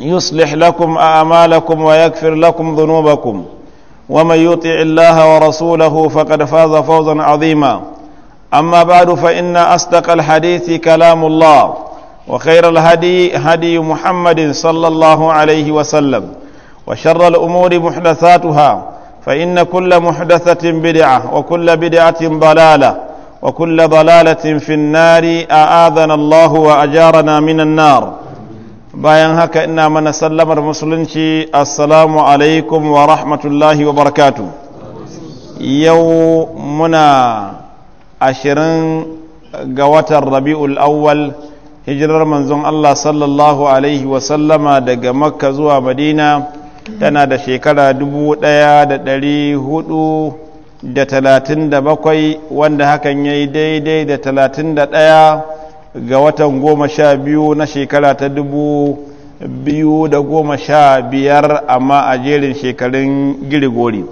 يصلح لكم أعمالكم ويغفر لكم ذنوبكم ومن يطع الله ورسوله فقد فاز فوزا عظيما أما بعد فإن أصدق الحديث كلام الله وخير الهدي هدي محمد صلى الله عليه وسلم وشر الأمور محدثاتها فإن كل محدثة بدعة وكل بدعة ضلالة وكل ضلالة في النار اعاذنا الله وأجارنا من النار bayan haka ina mana sallamar musulunci assalamu alaikum wa rahmatullahi wa barakatu yau muna ashirin ga watan rabi'ul awwal hijirar manzon Allah sallallahu alaihi wa sallama daga makka zuwa madina tana da shekara dubu ɗaya da ɗari hudu da talatin da bakwai wanda hakan yayi daidai da talatin da ɗaya ga watan goma sha biyu na shekara ta dubu biyu da goma sha biyar amma a jerin shekarun girigori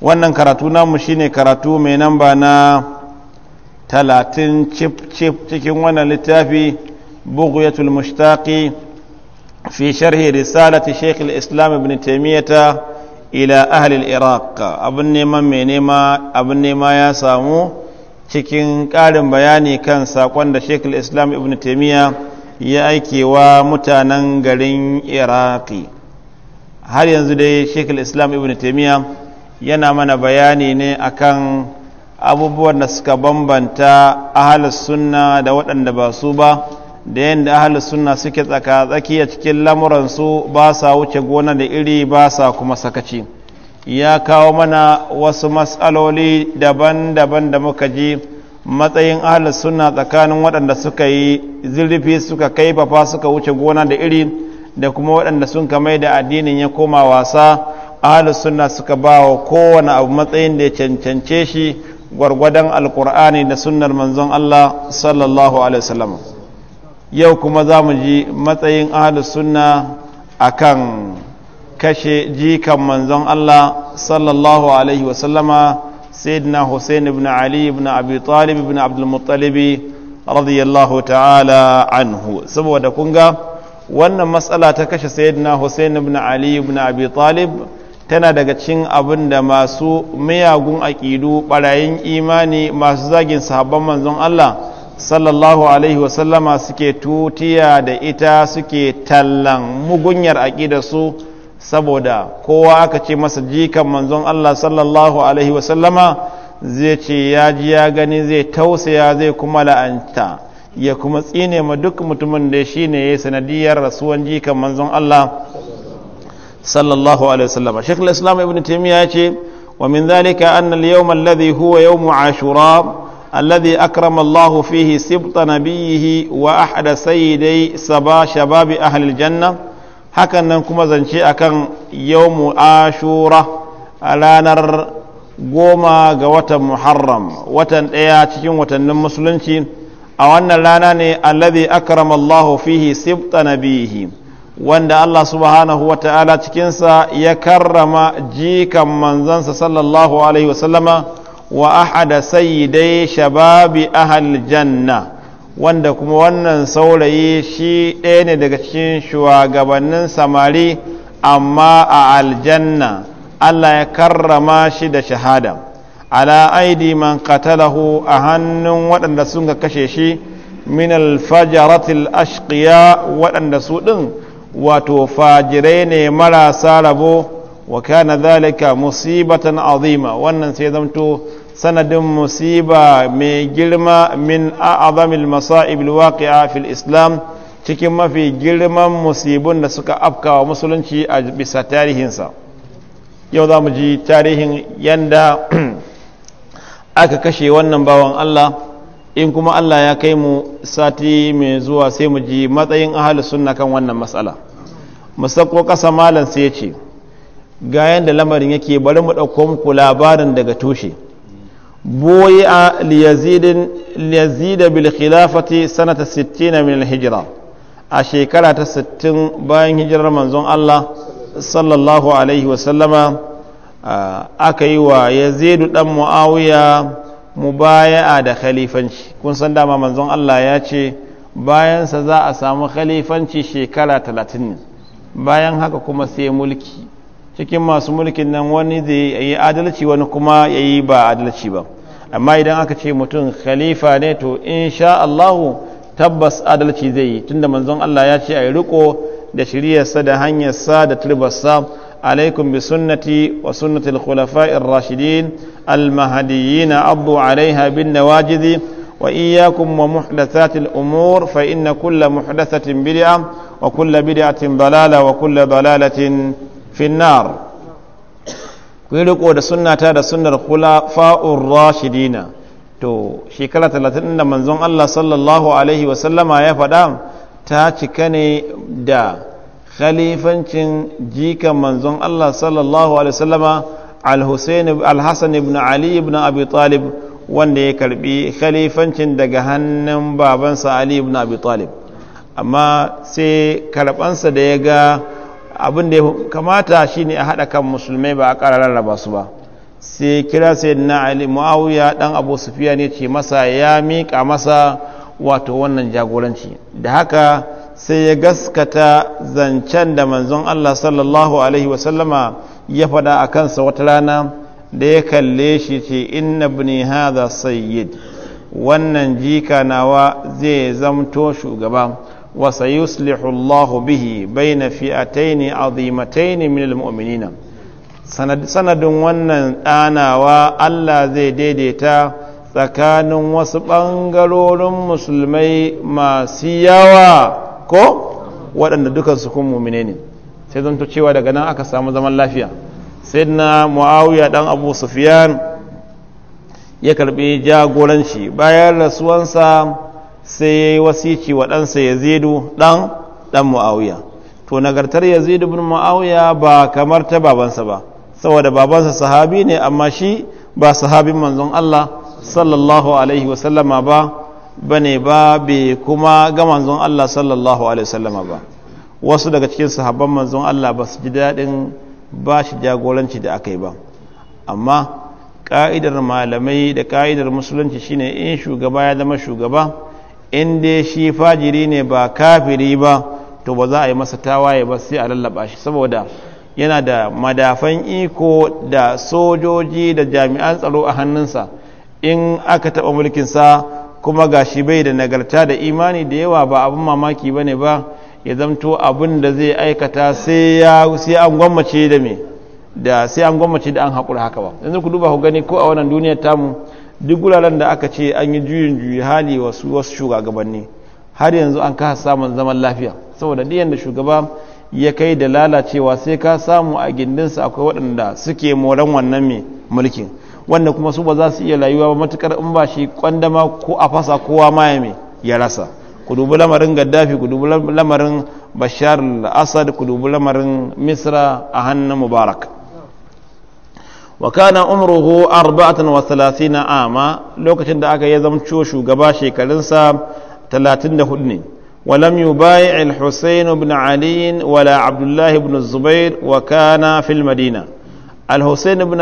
wannan karatu namu shine karatu mai namba na talatin cif cif cikin wannan littafi bughyatul mushtaqi fi sharhi risalati shaykh al-islam ibn taymiyata ila ahli al-iraq abin neman mai nema abin nema ya samu cikin ƙarin bayani kan saƙon da shekul islam ibn taimiyya ya aike wa mutanen garin iraki har yanzu dai shekul islam ibn taimiyya yana mana bayani ne akan abubuwan da suka bambanta ahalus sunna da waɗanda ba su ba da yadda ahalus sunna suke tsaka tsakiya cikin lamuransu ba sa wuce gona da iri ba sa kuma sakaci. ya kawo mana wasu matsaloli daban-daban da muka ji matsayin ahal suna tsakanin waɗanda suka yi zirfi suka kai bafa suka wuce gona da iri da kuma waɗanda sun mai da addinin ya koma wasa ahal suna suka ba wa kowane abu matsayin da ya cancance shi gwargwadon alkur'ani da sunnar manzon Allah sallallahu alaihi wasallam yau kuma za mu ji matsayin ahal suna kan. kashe jikan manzon Allah sallallahu alaihi wasallama sayyidina Hussein ibn Ali ibn Abi Talib ibn Abdul Muttalib radiyallahu ta'ala anhu saboda kun ga wannan matsala ta kashe sayyidina Hussein ibn Ali ibn Abi Talib tana daga cikin abin da masu mayagun aƙidu ɓarayin imani masu zagin sahabban manzon Allah sallallahu alaihi wasallama suke tutiya da ita suke tallan mugunyar aƙidarsu su saboda kowa aka ce masa jikan manzon Allah sallallahu alaihi wasallama zai ce ya ji ya gani zai tausaya zai kuma la'anta ya kuma tsine ma duk mutumin da shi ne ya sanadiyar rasuwan jikan manzon Allah sallallahu alaihi wasallama shekul islam ibn taimiyya ya ce wa min zalika anna al-yawm alladhi huwa yawm ashura alladhi akrama Allah fihi sibta nabiyhi wa ahada sayyidai saba shababi ahli al-janna hakan nan kuma zance akan yawmu ashura a ranar goma ga watan muharram watan ɗaya cikin watannin musulunci a wannan rana ne alladhi akrama fihi sibta nabihi wanda Allah subhanahu wa ta'ala cikinsa ya karrama jikan manzansa sallallahu alaihi wasallama wa ahada sayyidai shababi ahal janna wanda kuma wannan saurayi shi ɗaya ne daga cikin shugabannin samari amma a aljanna Allah ya karrama shi da shahada ala aidi man qatalahu a hannun waɗanda sun ka kashe shi min alfajaratil ashqiya waɗanda su ɗin wato fajirai ne marasa rabo wa kana zalika musibatan azima wannan sai zamto sanadin musiba mai girma min a'azamil masa'ib alwaqi'a fil islam cikin mafi girman musibin da suka afkawa musulunci a bisa tarihinsa yau za mu ji tarihin yanda aka kashe wannan bawan Allah in kuma Allah ya kai mu sati mai zuwa sai mu ji matsayin ahalus sunna kan wannan matsala musakko ƙasa malam sai ya ce ga yanda lamarin yake bari mu ɗauko muku labarin daga tushe بويع ليزيد ليزيد بالخلافة سنة ستين من الهجرة أشيكالة ستين باين هجرة منزون الله صلى الله عليه وسلم أكيوا يزيد دم معاوية مبايعة دا خليفانشي كون سندا ما منزون الله ياتي باين سزاء سام خليفة شيكالة shekara باين bayan كما سي ملكي cikin masu mulkin nan wani zai ya yi adalci wani kuma ya yi ba adalci ba amma idan aka ce mutum khalifa ne to insha Allahu tabbas adalci zai yi tunda manzon Allah ya ce a yi riko da shiryarsa da hanyarsa da turbarsa alaikum bi sunnati wa sunnati al-khulafa'ir rashidin al-mahdiyyin abu alaiha bin nawajidi wa iyyakum wa muhdathati al-umur fa inna kulla muhdathatin bid'a wa kulla bid'atin dalala wa kulla dalalatin finnar ku yi riko da sunnata da sunnar khulafa'ur rashidina to shekara talatin da manzon Allah sallallahu alaihi wasallama ya faɗa ta cika ne da khalifancin jikan manzon Allah sallallahu alaihi wasallama al-Hassan ibn Ali ibn Abi Talib wanda ya karbi khalifancin daga hannun babansa Ali ibn Abi Talib amma sai karbansa da ya ga abin da ya kamata shine a haɗa kan musulmai ba a ƙara rarraba su ba sai kira sai na ali ma'auya ɗan abu sufiya ne ce masa ya miƙa masa wato wannan jagoranci da haka sai ya gaskata zancen da manzon allah sallallahu alaihi wasallama ya faɗa a kansa wata rana da ya kalle shi ce inna bni hada sayyid wannan jika nawa zai zamto shugaba وسيصلح الله به بين فئتين عظيمتين من المؤمنين sanadin wannan ɗanawa Allah zai daidaita tsakanin wasu ɓangarorin musulmai masu yawa ko waɗanda dukansu kun mumine ne sai zanto cewa daga nan aka samu zaman lafiya sai na mu'awiya ɗan abu sufiyan ya karɓi jagoranci bayan rasuwansa sai ya yi wasici wa ɗansa yazidu ɗan ɗan mu'awiya to nagartar yazidu bin mu'awiya ba kamar ta babansa ba saboda babansa sahabi ne amma shi ba sahabin manzon Allah sallallahu alaihi wasallama ba bane ba bai kuma ga manzon Allah sallallahu alaihi wasallama ba wasu daga cikin sahabban manzon Allah ba su ji daɗin ba shi jagoranci da aka yi ba amma ƙa'idar malamai da ka'idar musulunci shine in shugaba ya zama shugaba in dai shi fajiri ne ba kafiri ba to ba za a yi masa tawaye ba sai a lallaba shi saboda yana da madafan iko da sojoji da jami'an tsaro a hannunsa in aka taɓa mulkinsa kuma ga shi bai da nagarta da imani da yawa ba abin mamaki ba ne ba ya zamto abin da zai aikata sai an gwammace da me da sai an gwammace da an haƙura haka ba yanzu ku duba ku gani ko a wannan duniyar tamu duk guraren da aka ce an yi juyin juyi hali wasu wasu shugabanni har yanzu an kasa samun zaman lafiya saboda diyan da shugaba ya kai da lalacewa sai ka samu a gindinsa akwai waɗanda suke moran wannan mai mulkin wanda kuma su ba za su iya layuwa ba matukar in ba shi kwandama ko a fasa kowa ma ya mai ya rasa ku dubi lamarin gaddafi ku dubi lamarin bashar al-assad ku dubi lamarin misra a hannun mubarak wa kana umruhu 34 ama lokacin da aka yi zamcho shugaba shekarunsa 34 ne wa lam yubai'il husayn ibn ali wa la abdullah ibn zubair wa kana fil madina al husayn ibn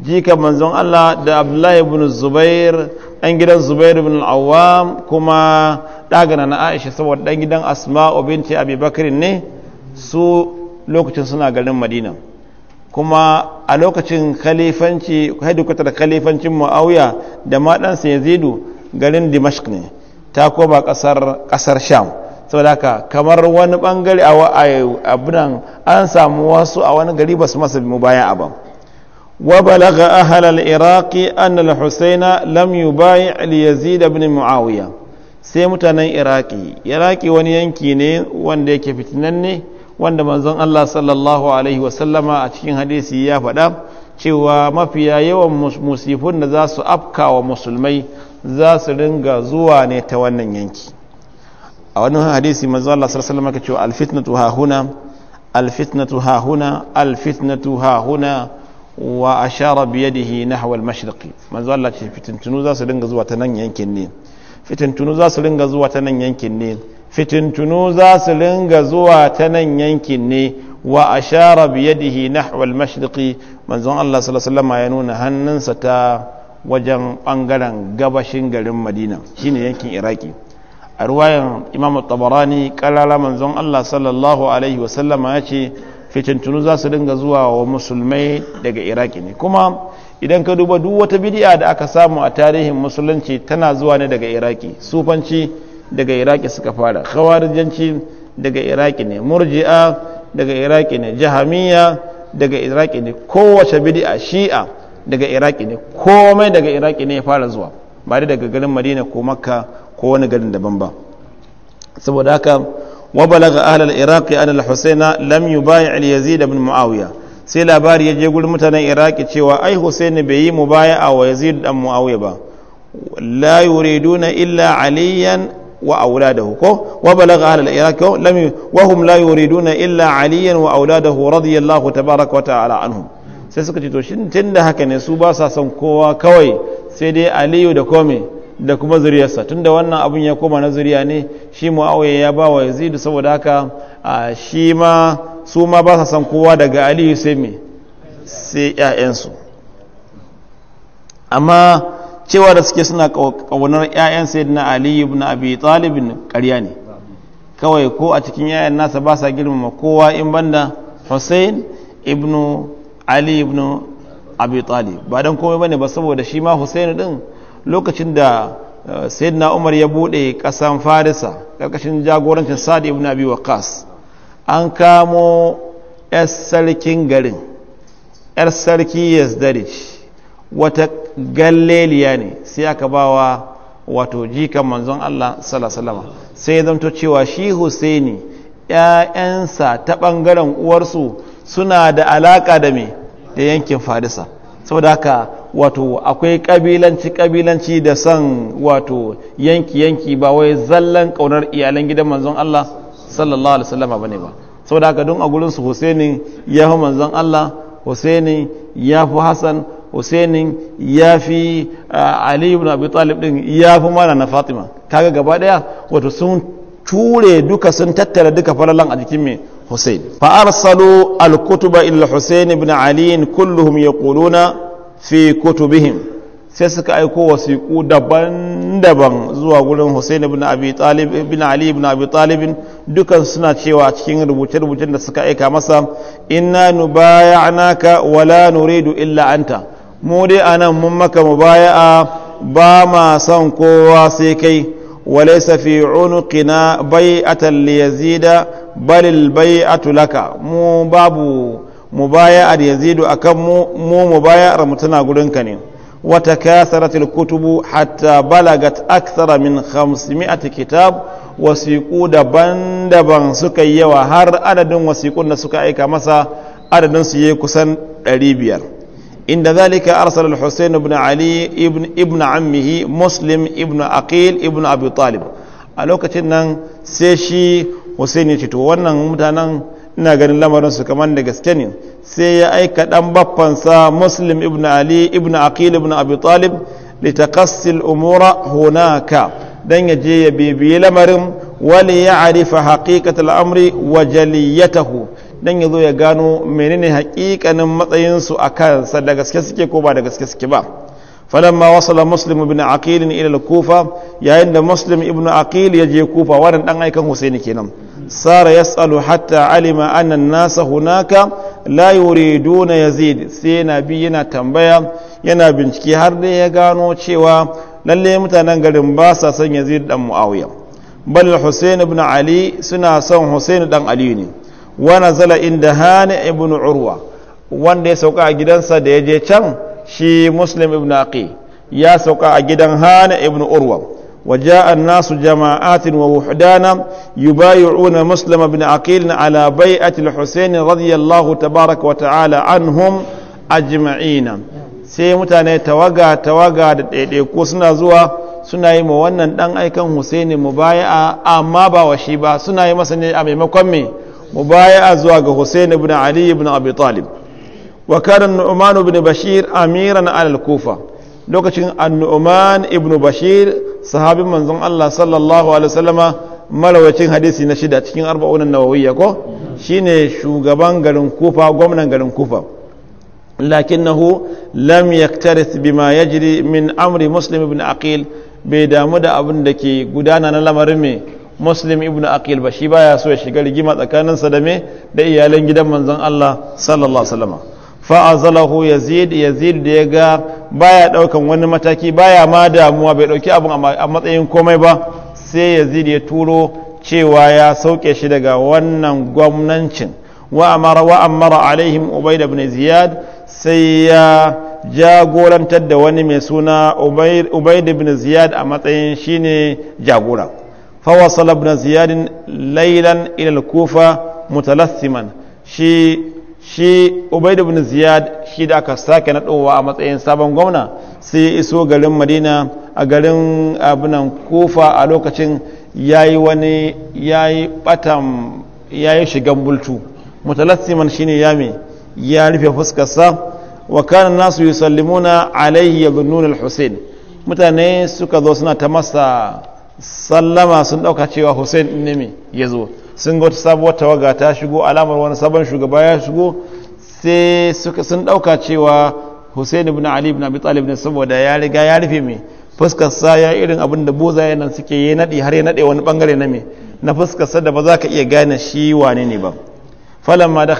jika manzon allah da abdullah ibn zubair an gidan zubair ibn awam kuma dagana na aisha saboda dan gidan asma'u binti abubakar ne su lokacin suna garin madina kuma a lokacin khalifanci hadikutar khalifancin ma'auya da maɗansa zidu garin dimashq ne ta koma ƙasar sham saboda haka kamar wani ɓangare a abunan an samu wasu a wani gari ba su masa mu bayan abin wa balaga ahlal iraqi anna al-husaina lam yubayi al-yazid ibn muawiya sai mutanen iraki iraki wani yanki ne wanda yake fitinanne ne wanda manzon Allah sallallahu alaihi wasallama a cikin hadisi ya faɗa cewa mafiya yawan musifun da za su afkawa musulmai za su ringa zuwa ne ta wannan yanki a wani hadisi manzon Allah sallallahu alaihi cewa alfitnatu hahuna alfitnatu hahuna alfitnatu hahuna wa ashara biyadihi nahwa al-mashriqi manzo Allah ce fitintunu za su ringa zuwa ta nan yankin ne fitintunu za su ringa zuwa ta nan yankin ne fitintunu za su linga zuwa ta nan yankin ne wa ashara biyadihi nahwal mashriqi manzon Allah sallallahu alaihi ya nuna hannunsa ta wajen bangaren gabashin garin Madina shine yankin Iraki a ruwayan Imam Tabarani kalala manzon Allah sallallahu alaihi wasallama ya ce fitintunu za su dinga zuwa wa musulmai daga Iraki ne kuma idan ka duba duk wata bidi'a da aka samu a tarihin musulunci tana zuwa ne daga Iraki sufanci daga iraki suka fara khawarijanci daga iraki ne murji'a daga iraki ne jahamiya daga iraki ne kowace bidi'a shi'a daga iraki ne komai daga iraki ne ya fara zuwa ba da daga garin madina ko makka ko wani garin daban ba saboda haka wa balaga ahlul iraqi anil husaina lam yubai' al-yazid ibn muawiya sai labari ya je gurin mutanen iraki cewa ai husaini bai yi mubaya'a wa yazid dan muawiya ba la yuriduna illa aliyan وأولاده وبلغ أهل العراق لم وهم لا يريدون إلا عليا وأولاده رضي الله تبارك وتعالى عنهم sai suka ce to shin tun da haka ne su ba sa son kowa kawai sai dai aliyu da kome da kuma zuriyarsa tun da wannan abin ya koma na zuriya ne shi mu'awiya ya ba wa yazidu saboda haka shi ma su ma ba sa son kowa daga aliyu sai me sai 'ya'yansu amma cewa da suke suna ƙaunar 'ya'yan sayyidina ali ibn abi talibin ƙarya ne kawai ko a cikin 'ya'yan nasa ba sa girmama kowa in banda hussein ibn ali ibn abi talib ba don komai bane ba saboda shi ma hussein din lokacin da eh, sayyidina umar ya bude kasan farisa karkashin jagorancin sa'd ibn abi waqas an kamo 'yar sarkin garin 'yar sarki yazdarij wata galleliya ne sai aka ba wa wato jikan manzon Allah salasalama sai zan to cewa shi Husaini yayansa ta ɓangaren uwarsu suna da alaƙa da me da yankin Farisa saboda haka wato akwai kabilanci ƙabilanci da san wato yanki yanki ba wai zallan ƙaunar iyalan gidan manzon Allah sallallahu alaihi wasallam bane ba saboda haka don a gurin su Husaini ya fi manzon Allah Husaini ya fi Hassan husainin ya fi ali ibn abi talib din ya fi mala na fatima kaga gaba daya wato sun ture duka sun tattara duka falalan a jikin mai husain fa arsalu al kutuba illa husain ibn ali kulluhum yaquluna fi kutubihim sai suka aiko wasiku daban-daban zuwa gurin Hussein ibn Abi Talib ibn Ali ibn Abi Talib dukan suna cewa cikin rubuce-rubucen da suka aika masa inna nubaya'naka wala nuridu illa anta mu dai a nan mun maka mubaya'a ba ma son kowa sai kai walaysa fi unuqina bai'atan li yazida bal al bai'atu laka mu babu mubaya'ar yazidu akan mu mu mubaya'ar mu tana gurinka ne وتكاثرت kutubu hatta balagat أكثر min 500 kitab wasiƙu daban-daban suka yi yawa har adadin wasiƙun da suka aika masa adadin su yi kusan 500 inda ذلك أرسل الحسين بن علي ابن, ابن عمه مسلم ابن أقيل ابن أبي طالب a lokacin nan sai shi Hussein ya to wannan mutanen ina ganin lamarin su kamar da gaske ne sai ya aika dan sa Muslim ibn Ali ibn Aqil ibn Abi Talib litakassi al-umura hunaka dan ya je ya bibiyi lamarin wali ya'rifa haqiqat amri wa jaliyatahu don ya zo ya gano menene hakikanin matsayinsu a kansa da gaske suke ko ba da gaske suke ba falamma wasala muslim ibn aqil ila kufa yayin da muslim ibn aqil ya je kufa wannan dan aikan husaini kenan sara yasalu hatta alima anna an-nasa hunaka la yuriduna yazid sai nabi yana tambaya yana bincike har da ya gano cewa lalle mutanen garin ba sa son yazid dan muawiya bal husain ibn ali suna son husain dan ali ne wana zala inda hani ibn urwa wanda ya sauka a gidansa da ya je can shi muslim ibn aqi ya sauka a gidan hani ibn urwa وجاء الناس جماعات ووحدانا يبايعون مسلم بن عقيل على بيعة الحسين رضي الله تبارك وتعالى عنهم أجمعين sai mutane tawaga tawaga da ko suna zuwa suna yi ma wannan ɗan aikan Husaini mu baya amma ba wa shi ba suna yi masa ne a maimakon me mubaya'a zuwa ga Hussein ibn Ali ibn Abi Talib wa kana Nu'man ibn Bashir amiran alal Kufa lokacin An-Nu'man ibn Bashir sahabin manzon Allah sallallahu alaihi wasallama marawacin hadisi na shida cikin arba'un nawawiyya ko shine shugaban garin Kufa gwamnan garin Kufa lakinnahu lam yaktarith bima yajri min amri Muslim ibn Aqil bai damu da abin da ke gudana na lamarin mai muslim ibn aqil ba shi baya so ya shiga rigima tsakaninsa da me da iyalan gidan manzon Allah sallallahu alaihi wasallam fa azalahu yazid yazid da ya ga baya daukan wani mataki baya ma damuwa bai dauki abun a matsayin komai ba sai yazid ya turo cewa ya sauke shi daga wannan gwamnancin wa amara wa amara alaihim ubayd ibn ziyad sai ya jagorantar da wani mai suna ubayd ibn ziyad a matsayin shine jagora فوصل ابن زياد ليلا إلى الكوفة متلثما شي shi ubaid ibn ziyad shi da aka sake nadowa a matsayin sabon gwamna sai ya iso garin madina a garin abinan kofa a lokacin yayi wani shigan bultu mutalassiman shine yami ya rufe fuskarsa wa kana nasu yusallimuna alayhi ya al hussein mutane suka zo suna ta masa sallama sun dauka cewa hussein din ne ya zo sun ga wata sabuwar tawaga ta shigo alamar wani sabon shugaba ya shigo sai sun dauka cewa hussein ibn ali ibn abi talib ne saboda ya riga ya rufe mai fuskarsa ya irin abin da bozaye nan suke yi naɗi har ya naɗe wani ɓangare na mai. na fuskarsa da ba za ka iya gane shi wane ne ba falamma da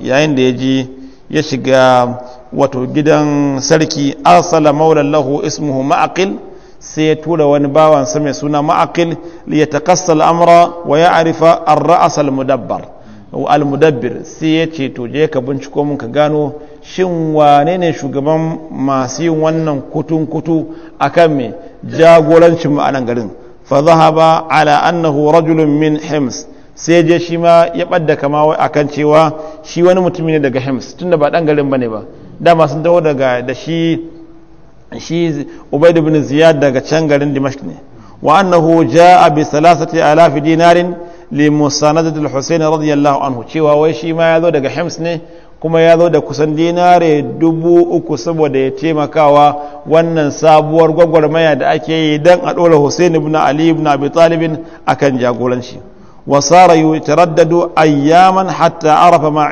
yayin da ya ji ya shiga wato gidan sarki arsala maulallahu ismuhu ma'aqil sai ya tura wani sa mai suna ma'aqil li yataqassa al-amra wa arifa ar-ra's al-mudabbar al-mudabbir sai ya ce to je ka binciko mun ka gano shin wane ne shugaban masu yin wannan kutun kutu akan me jagorancin mu a nan garin fa zahaba ala annahu rajulun min hims sai je shi ma ya ɓadda kama wai akan cewa shi wani mutumi ne daga hims tunda ba ɗan garin bane ba dama sun dawo daga da shi shi ubaid ibn ziyad daga can garin dimashq ne wa annahu jaa bi salasati alaf dinarin li musanadati al radiyallahu anhu cewa wai shi ma yazo daga hims ne kuma ya zo da kusan dinare dubu uku saboda ya taimakawa wannan sabuwar gwagwarmaya da ake yi don a ɗora Hussein ibn Ali ibn Abi Talibin akan jagoranci wa sara yutaraddadu ayyaman hatta arafa ma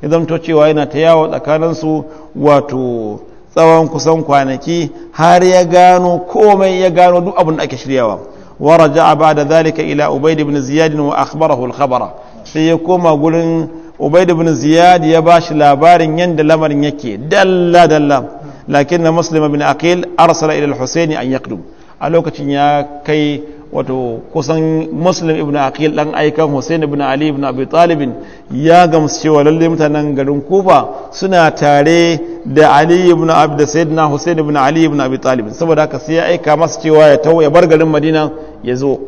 idan to cewa yana ta yawo tsakaninsu wato tsawon kusan kwanaki har ya gano komai ya gano duk abin da ake shiryawa wa ba ba'da zalika ila ubaid ibn ziyad wa akhbarahu al-khabara sai ya koma gurin ubaid ibn ziyad ya bashi labarin yanda lamarin yake dalla dalla lakin muslim ibn aqil arsala ila al-husayn an yaqdum a lokacin ya kai wato kusan muslim ibn aqil dan aikan husain ibn ali ibn abi talibin ya gamsu cewa lalle mutanen garin kufa suna tare da ali ibn abi da sayyidina husain ibn ali ibn abi talibin saboda haka sai ya aika masa cewa ya tawo ya bar garin madina ya zo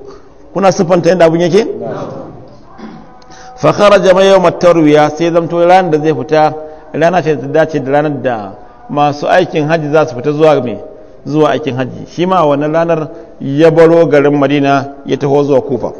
kuna sifanta inda abun yake fa kharaja ma yawm tarwiya sai zamto ranar da zai fita rana ce ta dace da ranar da masu aikin hajji za su fita zuwa mai zuwa aikin hajji shi ma wannan ranar ya baro garin madina ya taho zuwa kufa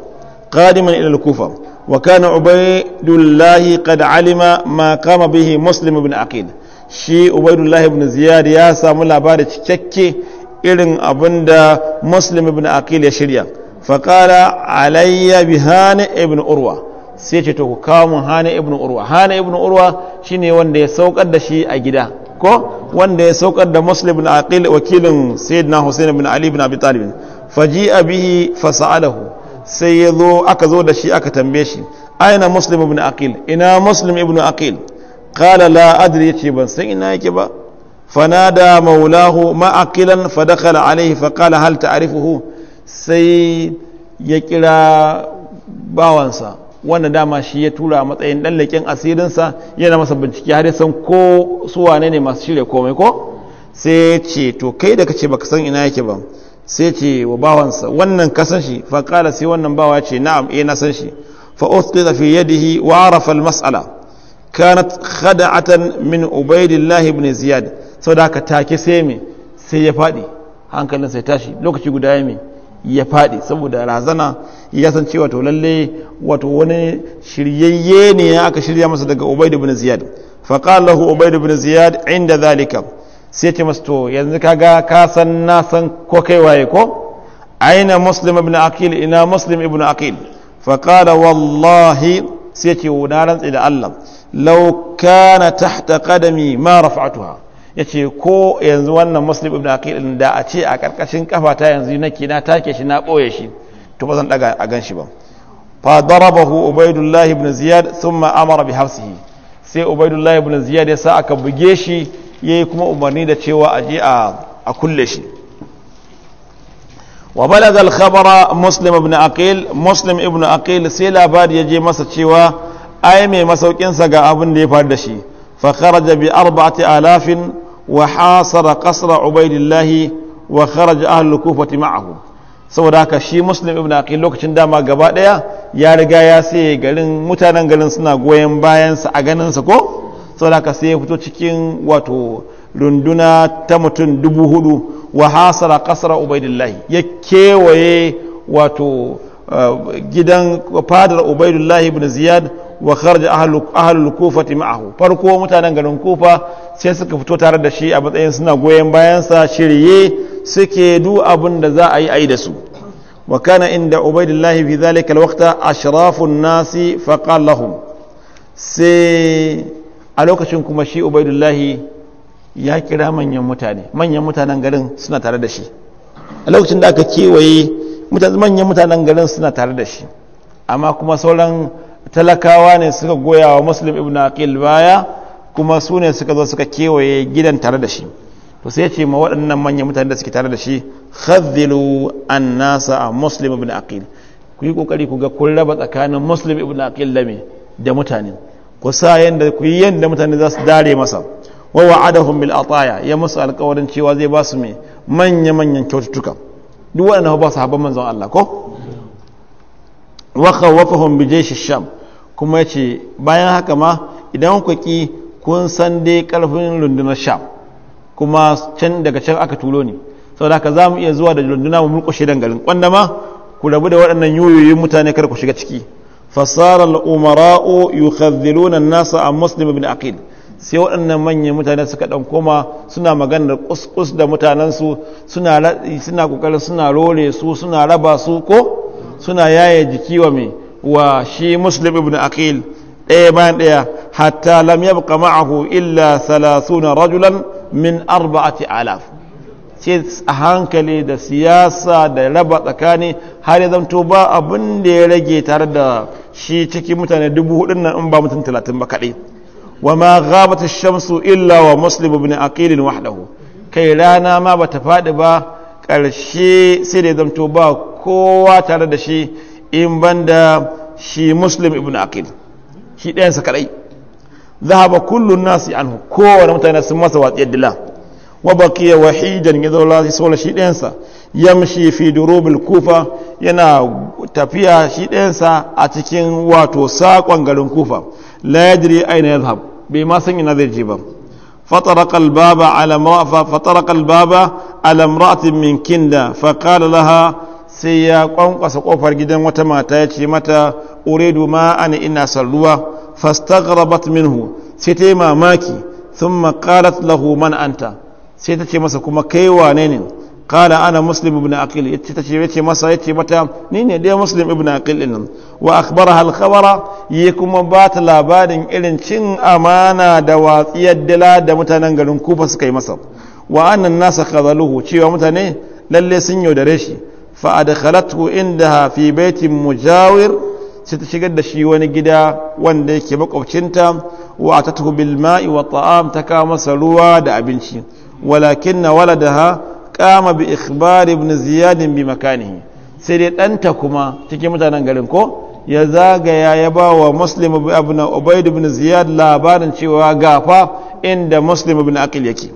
qadiman ila kufa wa kana ubaidullahi qad alima ma kama bihi muslim ibn aqil shi ubaidullahi ibn ziyad ya samu labari cikakke irin abinda muslim ibn aqil ya shirya faƙala alayya bi hana ibn urwa sai ce to ku kawo mun hana ibn urwa hana ibn urwa shine wanda ya saukar da shi a gida ko wanda ya saukar da muslim bin aqil wakilin sayyidina husain bin ali bin abi talib faji'a bihi fasa'alahu sai ya aka zo da shi aka tambaye shi aina muslim bin aqil ina muslim ibn aqil qala la adri yace ban san ina yake ba fanada maulahu ma'aqilan fadakhala alaihi faqala hal ta'rifuhu sai ya kira bawansa wanda dama shi ya tura a matsayin dan leƙen asirinsa yana masa bincike har san ko su wane ne masu shirya komai ko sai ce to kai da kace baka san ina yake ba sai ce wa bawansa wannan ka san shi fa kala sai wannan bawa ce na'am eh na san shi fa usqita fi yadihi wa arafa al-mas'ala kanat khada'atan min ubaydillah ibn ziyad saboda haka take sai me sai ya fadi hankalin sai tashi lokaci guda ya me ya faɗi saboda razana ya san cewa to lalle wato wani shiryayye ne aka shirya masa daga ubaid bin ziyad fa qala lahu ubaid ziyad inda zalika sai ce masa to yanzu kaga ka san na san ko kai waye ko aina muslim ibn aqil ina muslim ibn aqil fa qala wallahi sai ce na rantsi da Allah law kana tahta qadami ma rafa'tuha ya ce ko yanzu wannan muslim ibn aqil da a ce a karkashin kafata yanzu nake na take shi na boye shi to ba zan daga a gan shi ba fa darabahu ubaidullah ibn ziyad thumma amara bi hafsihi sai ubaidullah ibn ziyad ya sa aka buge shi yayi kuma umarni da cewa a je a kulle shi wa balaga al-khabara muslim ibn aqil muslim ibn aqil sai labari ya je masa cewa ai mai sa ga abin da ya faru da shi فخرج بأربعة آلاف وحاصر قصر عبيد الله وخرج أهل الكوفة معه saboda haka shi muslim ibn aqil lokacin dama gaba daya ya riga ya sai garin mutanen garin suna goyon bayansa a ganinsa ko da haka sai ya fito cikin wato runduna ta mutum dubu hudu wa hasara kasara ubaidullahi ya kewaye wato gidan fadar ubaidullahi ibn ziyad wa kharaja ahlul kufati ma'ahu farko mutanen garin kufa sai suka fito tare da shi a matsayin suna goyon sa shirye suke du abin da za a yi ai da su wa kana inda ubaidillah fi zalika alwaqta ashrafun nasi fa lahum sai a lokacin kuma shi ubaidillah ya kira manyan mutane manyan mutanen garin suna tare da shi a lokacin da aka kewaye manyan mutanen garin suna tare da shi amma kuma sauran talakawa ne suka goya wa muslim ibn aqil baya kuma su ne suka zo suka kewaye gidan tare da shi to sai ce ma waɗannan manyan mutane da suke tare da shi khadhilu an a muslim ibn aqil ku yi kokari ku ga kun raba tsakanin muslim ibn aqil da me da mutane ku sa yanda ku yi yanda mutane za su dare masa wa wa'adahum bil ataya ya musu alƙawarin cewa zai ba su me manya manyan kyaututtuka duk waɗannan ba su haɓar manzon Allah ko wa khawafahum bi jaysh sham kuma ya ce bayan haka ma idan ku kun san dai karfin lundunar sha kuma can daga can aka tulo ne saboda haka za mu iya zuwa da lunduna mu mulko dan garin kwanda ma ku rabu da waɗannan yoyoyin mutane kar ku shiga ciki fasara al-umara'u yukhadhiluna an-nasa a muslim ibn aqil sai waɗannan manyan mutane suka ɗan koma suna maganar kuskus da mutanensu suna ƙoƙarin suna rore su suna raba su ko suna yaye jiki wa mai wa shi muslim ibn aqil ɗaya bayan ɗaya hatta lam yabqa ma'ahu illa thalathuna rajulan min arba'ati alaf sai a hankali da siyasa da raba tsakani har ya zanto ba abin da ya rage tare da shi cikin mutane dubu hudun nan in ba mutum talatin ba kaɗai wa ma gabata shamsu illa wa muslim ibn aqilin wahdahu kai rana ma bata faɗi ba ƙarshe sai da ya zanto ba kowa tare da shi in banda shi muslim ibn akil shi ɗayansa kadai zahaba kullun nasi anhu kowane mutane sun masa watsiyar dila wa baqiya wahidan ya zaula saboda shi ɗayansa yamshi fi durubil kufa yana tafiya shi ɗayansa a cikin wato saƙon garin kufa la yadri aina yadhhab bai ma san ina zai je ba فطرق الباب على امرأة فطرق الباب على امرأة من كندا فقال لها sai ya kwankwasa kofar gidan wata mata ya ce mata uredu ma ana ina salluwa fastagrabat minhu sai ta yi mamaki sun makalat lahuman man anta sai ta ce masa kuma kai wane ne qala ana muslim ibn aqil yace ta ce masa yace mata ni ne dai muslim ibn aqil din wa akhbaraha al khabara yi kuma ba ta labarin irin cin amana da watsiyar dala da mutanen garin kufa suka yi masa wa annan nasa kazaluhu cewa mutane lalle sun yaudare shi fa adkhalathu indaha fi baitin mujawir sai ta shigar da shi wani gida wanda yake makwabcinta wa atatuhu bil ma'i wa ta'am ta kawo masa ruwa da abinci walakinna waladaha qama bi ikhbar ibn ziyad bi makanihi sai dai ɗanta kuma cikin mutanen garin ko ya zagaya ya ba wa muslim ibn ubayd ibn ziyad labarin cewa ga fa inda muslim ibn aqil yake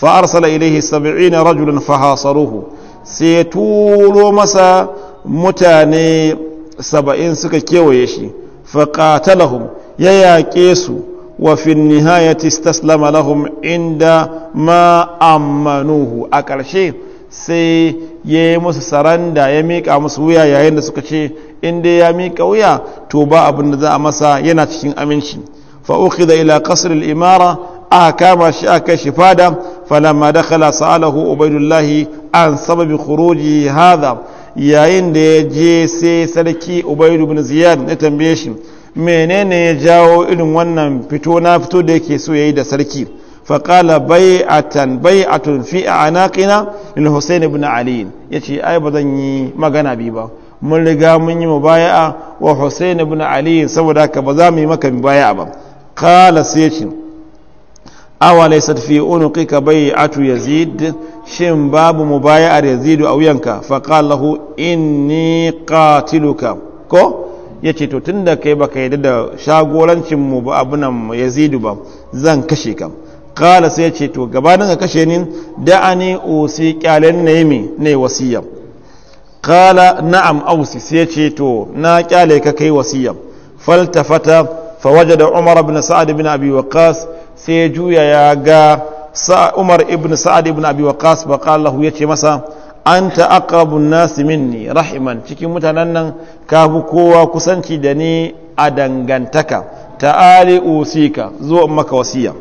fa arsala ilayhi 70 rajulan fahasaruhu sai ya turo masa mutane saba'in suka kewaye shi faƙatalahum ya yaƙe su wa fin nihayati istaslama lahum inda ma a ƙarshe sai ya yi musu saranda ya miƙa musu wuya yayin da suka ce inda ya miƙa wuya to ba abin da za a masa yana cikin aminci fa da ila qasr al'imara imara aka kama shi aka shi fada falamma dakhala sa'alahu ubaidullahi an sababi khuruji hadha yayin da ya je sai sarki ubaidu bin ziyad ya tambaye shi menene ya jawo irin wannan fito na fito da yake so yayi da sarki faƙala bai'atan bai'atun fi anaqina lil Husayn ibn Ali yace ai ba zan yi magana bi ba mun riga mun yi mubaya'a wa Husayn ibn Ali saboda haka ba za mu yi maka mubaya'a ba qala sai awa bai fi unuqika bai'atu yazid shin babu mubaya'ar yazidu a wuyanka fa qala lahu inni qatiluka ko yace to da kai ba ka yi da shagorancin mu ba abunan yazidu ba zan kashe ka kala sai ce to gabanin ka kashe ni da'ani usi kyalen ne mi ne wasiya qala na'am ausi sai ce to na kyale ka kai wasiya faltafata da umar ibn sa'ad bin abi waqas sai ya juya ya ga umar ibn sa'ad ibn abi waqas ba lahu ya ce masa anta aqrabun nasi minni rahiman cikin mutanen nan ka fi kowa kusanci da ni a dangantaka ta'ali usika zo maka wasiya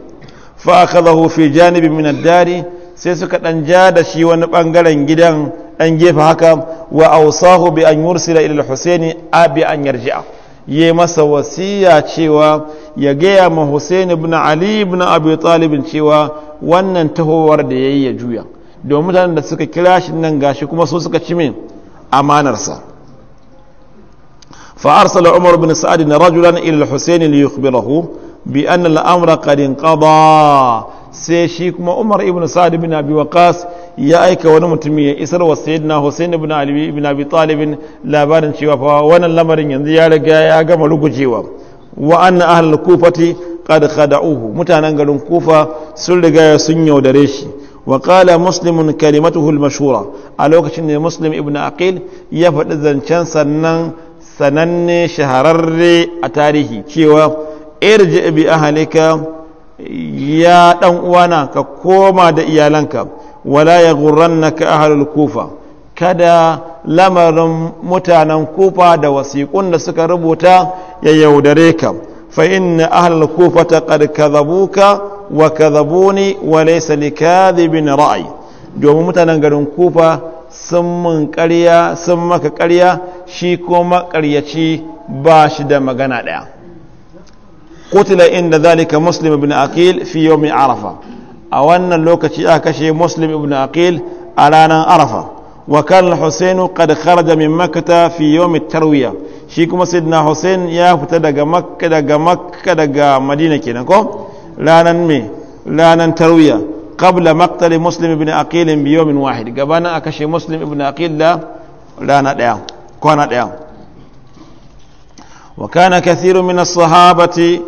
fa akhadahu fi janibin min dari sai suka dan ja da shi wani bangaren gidan dan gefe haka wa awsahu bi an yursila ila al-husaini abi an yarji'a ya masa wasiya cewa ya gaya ma Hussein ibn Ali ibn Abi Talib cewa wannan tahowar da yayi ya juya domin mutanen da suka kira shi nan gashi kuma su suka ci min amanarsa fa arsala Umar ibn Sa'ad rajulan ila al li yukhbirahu bi anna al-amra qad sai shi kuma umar ibn sa'ad ibn abi waqas ya aika wani mutumi ya isar wa sayyidina husain ibn ali ibn abi talib labarin cewa fa wannan lamarin yanzu ya riga ya gama rugujewa wa anna ahlul kufati qad khada'uhu mutanen garin kufa sun riga ya sun yaudare shi wa qala muslimun kalimatuhu al a lokacin da muslim ibn aqil ya faɗi zancen sannan sananne shahararre a tarihi cewa irji bi ahlika ya ɗan uwana ka koma da iyalanka wala ya ka ahlul kufa kada lamarin mutanen kufa da wasiƙun da suka rubuta ya yaudare ka fa inna ahlul kufa ta kadhabuka wa kadhabuni wa laysa likadhibin ra'ayi domin mutanen garin kufa sun mun ƙarya sun maka ƙarya shi ko maƙaryaci ba shi da magana ɗaya قتل عند ذلك مسلم بن عقيل في يوم عرفة أولا لوكتي أكشي مسلم بن عقيل ألانا عرفة وكان الحسين قد خرج من مكة في يوم التروية شيكما سيدنا حسين يا فتدق مكة دق مكة دق مدينة كنكو لانا مي لانا تروية قبل مقتل مسلم بن عقيل بيوم واحد قبانا أكشي مسلم بن عقيل لا لانا دعا كوانا دعا وكان كثير من الصحابة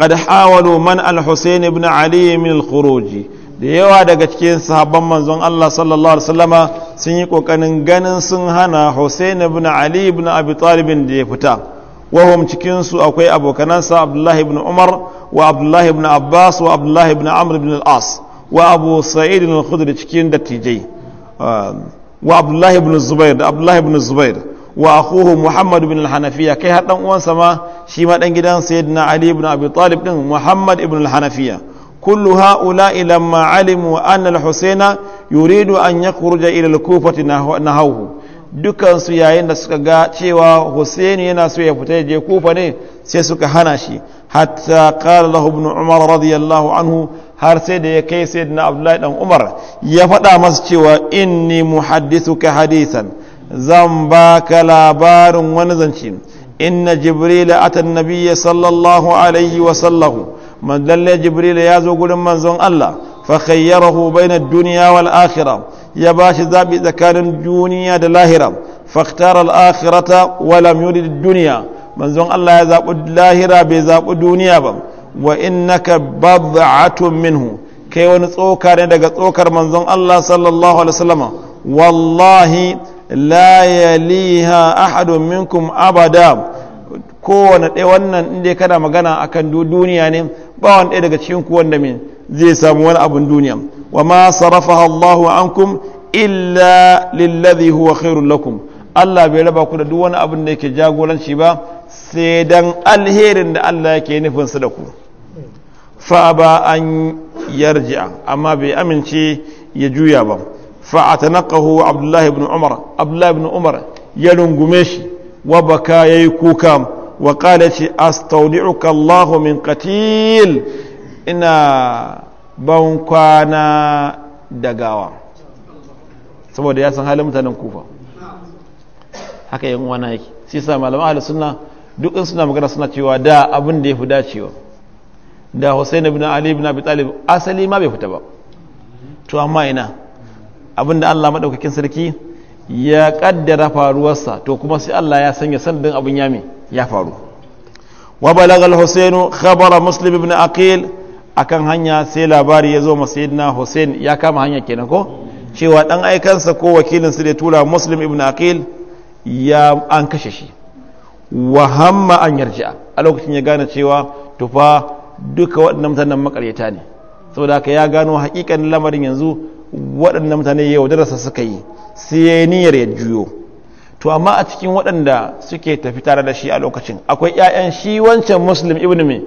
قد حاولوا من الحسين بن ibn من الخروج da yawa daga cikin sahabban manzon Allah sallallahu alaihi wasallama sun yi kokarin ganin sun hana Husayn ibn Ali ibn Abi Talib da ya fita wahum cikinsu akwai abokanansa abdullahi ibn umar wa abdullahi ibn abbas wa abdullahi ibn amr ibn al-as wa abu sa'id ibn khudri cikin dattijai wa abdullahi ibn zubair da abdullahi ibn zubair wa akuhu Muhammad ibn al-Hanafiya kai har dan uwansa ma shi ma dan gidan Sayyidina Ali ibn Abi Talib din Muhammad ibn al-Hanafiya kullu ha'ula'i lamma alimu anna al-Husaina yuridu an yakhruja ila al-Kufati nahawhu dukan su yayin da suka ga cewa Husaini yana so ya fita je Kufa ne sai suka hana shi hatta qala lahu ibn Umar radiyallahu anhu har sai da ya kai Sayyidina Abdullahi dan Umar ya faɗa masa cewa inni muhaddithuka hadithan zan ba ka labarin wani zance inna jibril ata nabiyya sallallahu alaihi wa sallahu man lalle jibril ya zo gurin manzon Allah fa khayyarahu baina dunya wal akhirah ya bashi zabi tsakanin duniya da lahira fa ikhtara al-akhirata wa lam yurid ad-dunya manzon Allah ya zabi lahira bai zabi duniya ba wa innaka bad'atun minhu kai wani tsoka ne daga tsokar manzon Allah sallallahu alaihi wasallama wallahi la yaliha ahadun minkum abada kowane ɗaya wannan inda kana magana akan duniya ne ba wani ɗaya daga cikin ku wanda min zai samu wani abun duniya wa ma sarafaha Allahu ankum illa lilladhi huwa khairun lakum Allah bai raba ku da duk wani abin da yake jagoranci ba sai dan alherin da Allah yake nufin su da ku fa ba an yarji'a amma bai amince ya juya ba fa'atanaqahu abdullah ibn umar abdullah ibn umar ya rungume shi wa baka yayi kuka wa qala ce astaudi'uka allah min katil ina ban kwana da gawa saboda ya san halin mutanen kufa haka yan uwana yake sai sa malaman ahlus sunna duk in suna magana suna cewa da abin da ya fi dacewa da Hussein ibn Ali ibn Abi Talib asali ma bai fita ba to amma ina abinda Allah maɗaukakin sarki ya ƙaddara faruwarsa to kuma sai Allah ya sanya sanadin abin yami ya faru wa balagha al khabara muslim ibn aqil akan hanya sai labari ya zo ma sayyidina husain ya kama hanya kenan ko cewa dan aikansa ko wakilin sa da tura muslim ibn aqil ya an kashe shi wa hamma an yarji'a a lokacin ya gane cewa tufa duka waɗannan mutanen makaryata ne saboda haka ya gano hakikanin lamarin yanzu waɗanda mutane yau darasa suka yi sai ya yi niyyar ya juyo to amma a cikin waɗanda suke tafi tare da shi a lokacin akwai 'ya'yan shi wancan muslim ibn mai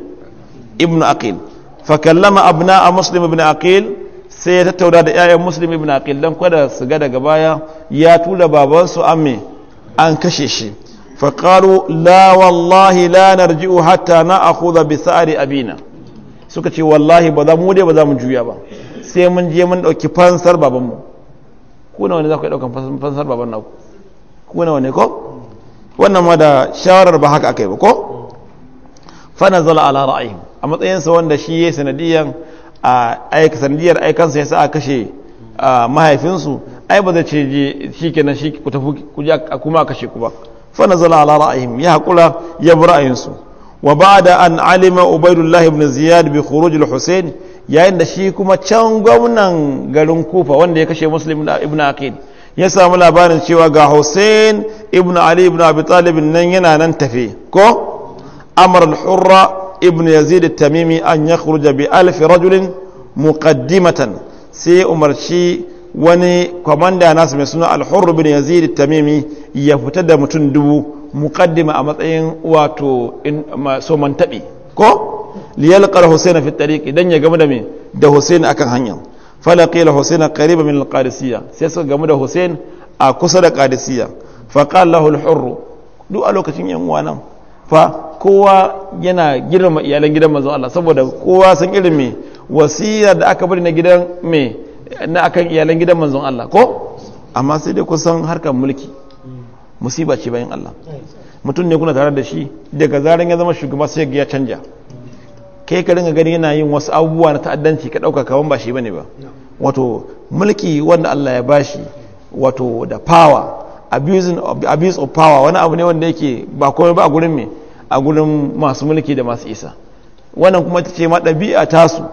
ibn aqil fa kallama abna a muslim ibn aqil sai ya tattauna da 'ya'yan muslim ibn aqil dan kwada su ga daga baya ya tura babansu an me an kashe shi fa qalu la wallahi la narji'u hatta na'khudha bi sa'ri abina suka ce wallahi ba za mu dai ba za mu juya ba sai mun je mun dauki fansar babanmu ku nawa ne za ku daukan fansar baban naku ku nawa wani ko wannan ma da shawarar ba haka yi ba ko fa nazala ala ra'ayhim a matsayinsa wanda shi yayi sanadiyan a aika sanadiyar aikansa sa a kashe mahaifinsu ai ba zai ce je shikenan shi ku tafi ku je kuma kashe ku ba fa nazala ala ra'ayhim ya hakura ya bi ra'ayinsu wa da an alima ubaydullah ibn ziyad bi khuruj al-husayn yayin da shi kuma can gwamnan garin kufa wanda ya kashe muslim ibn aqid ya samu labarin cewa ga Hussain ibn ali ibn abi talib nan yana nan tafe ko amr al-hurra ibn yazid at-tamimi an yakhruja bi alf rajulin muqaddimatan sai umarci wani kwamanda nasu mai suna al-hurr ibn yazid at-tamimi ya fita da mutum dubu muqaddima a matsayin wato so man tabi ko liyalqal husaina fi tariqi dan ya gamu da me da husain akan hanya falaqila husaina qariban min alqadisiyya sai suka gamu da husain a kusa da qadisiyya fa qala lahu alhurr duk a lokacin yan uwa nan fa kowa yana girma iyalan gidan manzo Allah saboda kowa san irin me wasiyar da aka bari na gidan me na akan iyalan gidan manzo Allah ko amma sai dai kusan harkar mulki musiba ce bayan Allah mutum ne kuna tare da shi daga zaran ya zama shugaba sai ya canja kai ka dinga gani yana yin wasu abubuwa na ta'addanci ka dauka kaman ba shi bane ba wato mulki wanda Allah ya bashi wato da power abusing abuse of power wani abu ne wanda yake ba komai ba a gurin me a gurin masu mulki da masu isa wannan kuma ta ce ma ɗabi'a tasu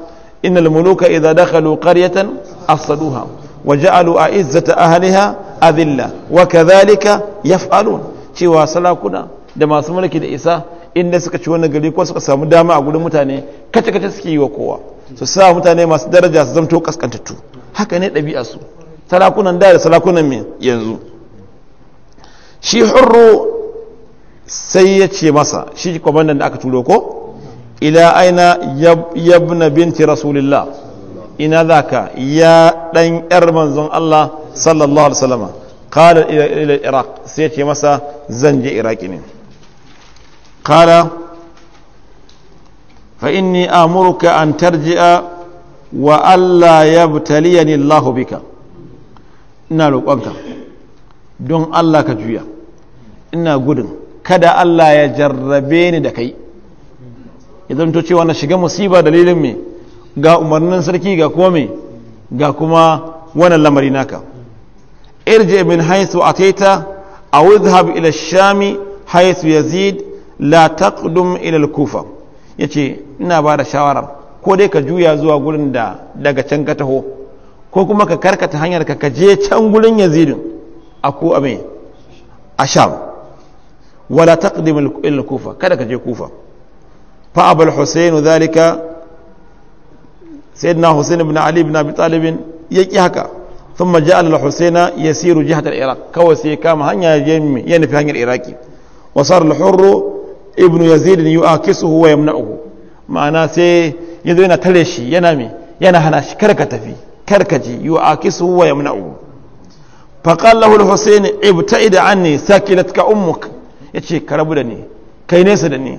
innal muluka idza dakhalu qaryatan afsaduha wa ja'alu a'izzata ahliha adilla wa kadhalika yaf'alun cewa salakuna da masu mulki da isa inda suka ci wannan gari ko suka samu dama a gudun mutane kace kace suke yi wa kowa su sa mutane masu daraja su zamto kaskantattu haka ne ɗabi'a su salakunan da da salakunan min yanzu shi hurru sai ya ce masa shi kwamandan da aka turo ko ila aina yabna binti rasulillah ina za ka ya ɗan ‘yar manzon Allah sallallahu alaihi wasallama kala ila iraq sai ya ce masa zan je iraki ne قال فإني آمرك أن ترجع وألا يبتليني الله بك ina roƙonka don Allah ka juya ina gudun kada Allah ya jarrabe ni da kai ya zanto cewa na shiga musiba dalilin me ga umarnin sarki ga kuma me ga kuma wannan lamari naka irji min haisu ataita a wadhhab ila shami haisu yazid la taqdum ila al-kufa yace ina ba da shawara ko dai ka juya zuwa gurin da daga can ka taho ko kuma ka karkata hanyar ka ka je can gurin yazidin a ko a me a sham wala taqdim ila al-kufa kada ka je kufa fa abul husayn zalika sayyidina husayn ibn ali ibn abi talib yaki haka ثم جعل الحسين يسير جهة العراق كوسي كام هنيا ينفي هنيا العراقي وصار الحر ibnu yazid ne yu'akisuhu wa yamna'uhu ma'ana sai yanzu yana tare shi yana me yana hana shi karka ka tafi ji yu'akisuhu wa yamna'uhu fa qala lahu al-husayn ibta'id anni sakilatka ummuk yace ka rabu da ni kai nesa da ni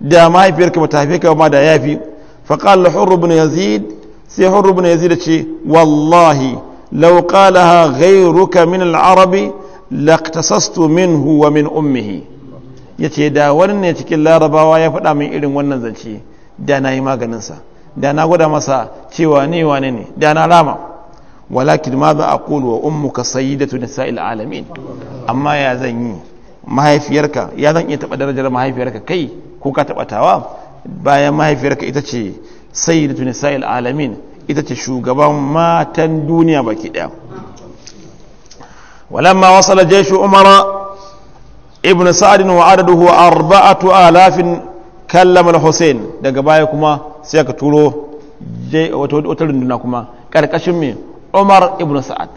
da mahaifiyarka bata haife ka ma da yafi fa qala hurr ibn yazid sai hurr ibn yazid yace wallahi law qalaha ghayruka min al-arabi laqtasastu minhu wa min ummihi ya ce da wani ne cikin larabawa ya faɗa min irin wannan zance da na yi maganinsa da na gwada masa cewa ne wane ne da na rama walakin ma za a kulu wa ummuka tuni sa'il alamin amma ya zan yi mahaifiyarka ya zan iya taɓa darajar mahaifiyarka kai ko ka taɓa tawa bayan mahaifiyarka ita ce sayi da tuni sa'il alamin ita ce shugaban matan duniya baki ɗaya walamma wasala jeshu umara ibn sa'ad wa adaduhu arba'atu alafin kallama al-husayn daga baya kuma sai aka turo wata runduna kuma karkashin me umar ibn sa'ad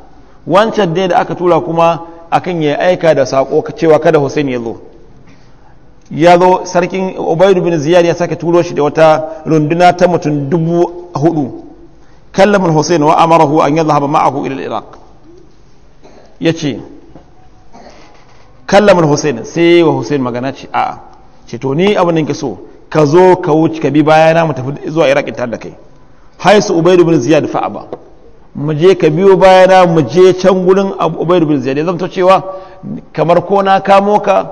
wancan dai da aka tura kuma akan ya aika da sako cewa kada husayn ya zo ya zo sarkin ubaidu bin ziyad ya saka turo shi da wata runduna ta mutum dubu hudu kallama al-husayn wa amarahu an yadhhab ma'ahu ila al-iraq yace kallamar Hussein sai wa Hussein magana ce a ce to ni abin da ke so ka zo ka wuce ka bi bayana mu tafi zuwa Iraq ta da kai haisu ubaidu bin Ziyad fa aba mu je ka biyo bayana mu je can gurin ubaidu bin Ziyad zan to cewa kamar ko na kamo ka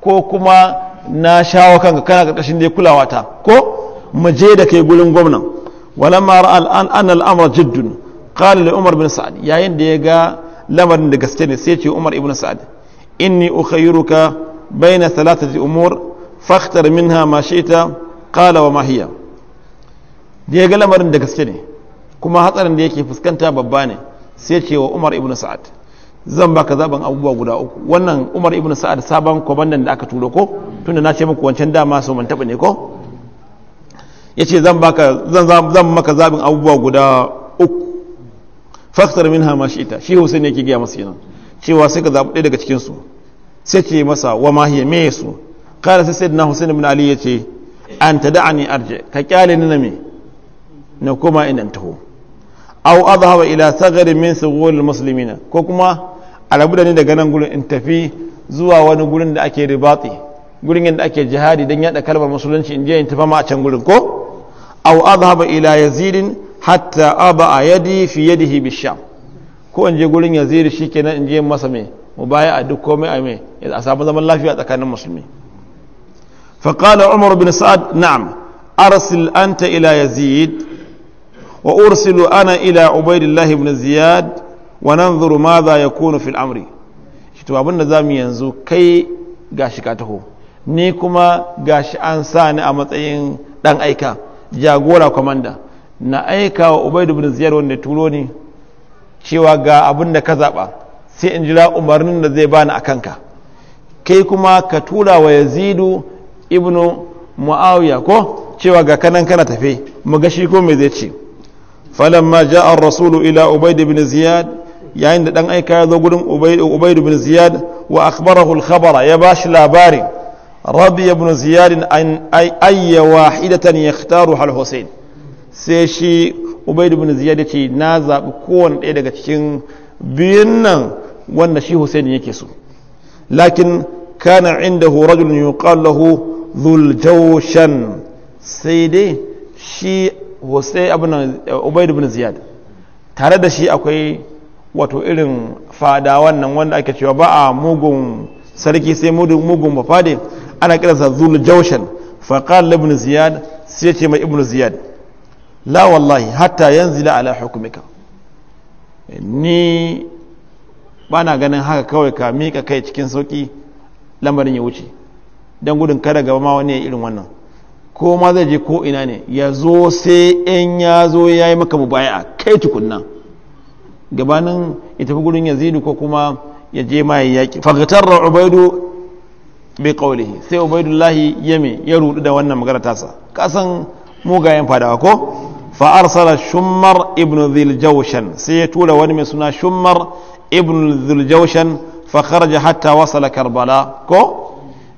ko kuma na shawo kanka kana karkashin dai kulawa ta ko mu je da kai gurin gwamnan walamma ra'a al'an an al'amar jiddun qala li Umar bin Sa'ad yayin da ya ga lamarin da gaske ne sai ce Umar ibn Sa'ad إني أخيرك بين ثلاثة أمور فاختر منها ما شئت قال وما هي دي ya ga lamarin da gaske ne kuma hatsarin da yake fuskanta babba ne sai ce umar ibn sa'ad zan baka zaben abubuwa guda uku wannan umar ibn sa'ad sabon kwamandan da aka turo ko tunda na ce muku wancan dama su man taɓa ne ko ya ce zan maka zaɓin abubuwa guda uku shi ita shi ne masu cewa sai ka zaɓi ɗaya daga cikinsu sai ce masa wa ma hiya me su ƙara sai na husain bin ali ya ce, an tada'ani arje ka ƙyale ni na me na koma in an au a adhhaba ila tsagarin min su musulmi na, ko kuma a rabu da ni daga nan gurin in tafi zuwa wani gurin da ake ribati gurin yadda ake jihadi don yada kalmar musulunci in je in tafi ma a can gurin ko a adhhaba ila yazidin hatta aba a yadi fi yadihi bisham ko in je gurin yazid shikenan in je masa me mubaya a duk komai a me a samu zaman lafiya tsakanin musulmi fa qala umar bin sa'ad na'am arsil anta ila yazid wa ursilu ana ila ubaidillah ibn ziyad wa nanzuru madha yakunu fil amri shi to abinda zamu yanzu kai gashi ka taho ni kuma gashi an sa ni a matsayin dan aika jagora komanda na aika wa ubaidu bin ziyar wanda turo ni cewa ga abin da ka zaɓa sai in jira umarnin da zai bani a kanka kai kuma ka tura wa yazidu ibnu mu'awiya ko cewa ga kanan kana tafe mu ga shi ko me zai ce falamma ja'a ar-rasulu ila ubayd ibn ziyad yayin da dan aika ya zo gurin ubayd ibn ziyad wa akhbarahu al ya ya bashi labari rabi ibn ziyad an ayya wahidatan yaktaru al-husayn sai shi ubaid ibn ziyad ce na zabi kowanne ɗaya daga cikin biyun nan wanda shi husain yake so lakin kana inda rajulun yuqal lahu dhul jawshan sai dai shi husain ibn ubaid ibn ziyad tare da shi akwai wato irin fada wannan wanda ake cewa ba a mugun sarki sai mugun bafade ana kiransa zul jawshan faqal ibn ziyad sai ce mai ibn ziyad la wallahi hatta yanzila ala hukumika ni bana ganin haka kawai ka mika kai cikin sauki lambarin ya wuce don gudun kada gaba ma wani irin wannan ko ma zai je ko ina ne ya zo sai in ya zo ya yi maka mubaya kai tukunna gabanin ya tafi gudun ya yazidu ko kuma ya je ma ya yaƙi da ubaidu bai ƙaulihi sai lahi yame ya rudu da wannan magana tasa kasan mugayen fadawa ko fa arsala shummar ibn dhiljawshan sai ya tura wani mai suna shummar ibn dhiljawshan fa kharaja hatta wasala karbala ko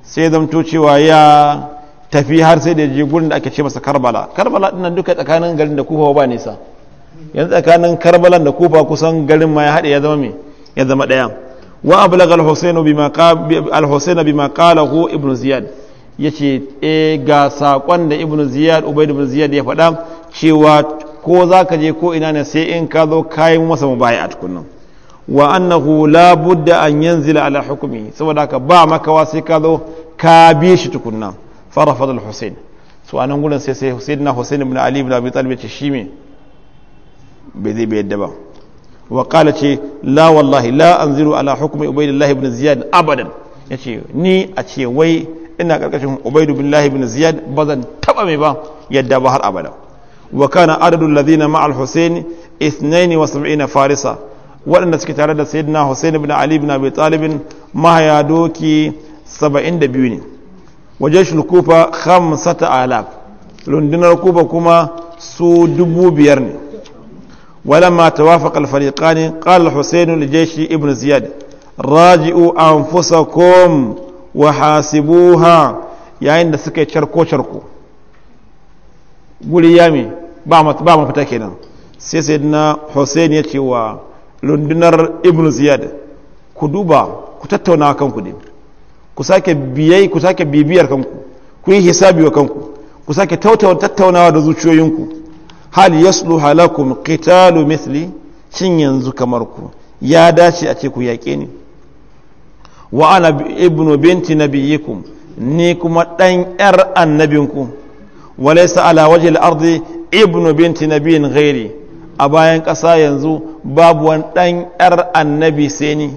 sai zamto cewa ya tafi har sai da je gurin da ake ce masa karbala karbala dinnan duka tsakanin garin da kufa ba nisa yanzu tsakanin karbalan da kufa kusan garin ma ya zama me ya zama ɗaya wa ablaga al-husayn bima qala al ibn ziyad ya ce e ga saƙon da ibn ziyad ubaid ibn ziyad ya faɗa cewa ko za ka je ko ina ne sai in ka zo kayan masa baya a tukunan wa annahu la budda an yanzila ala hukumi saboda ka ba makawa sai ka zo ka bi shi tukunna fara al-husayn so anan gudan sai sai husayn na husayn ibn ali ibn abi talib ce shi me bai zai bai yadda ba wa qala ce la wallahi la anziru ala hukmi ubaydillah ibn ziyad abadan yace ni a ce wai ina karkashin ubaidu billahi bin ziyad ba zan taba mai ba yadda ba har abada wa kana adadul ladina ma al wa 72 farisa waɗanda suke tare da sayyidina husayn bin ali bin abi talib mahaya doki 72 ne wajen shulkufa 5000 rundunar kufa kuma su dubu biyar ne ولما توافق الفريقان قال الحسين لجيش ابن زياد راجعوا أنفسكم wa hasibuha yayin da suka yi carko-carko guri yami ba mafita kenan sai sai na hussein ya ce wa rundunar ibn ziyad ku duba ku tattauna kanku ne ku sake biyai ku sake bibiyar kanku ku yi hisabi wa kanku ku sake tattaunawa da zuciyoyinku hal yaslu halakum qitalu misli. shin yanzu kamar ku ya dace a ce ku yaƙe ni wa ana ibnu binti nabiyikum ni kuma ɗan ‘yar annabinku walaisa ala waje ardi ibnu binti nabiyin ghairi a bayan ƙasa yanzu babu wani ɗan ‘yar annabi sai ni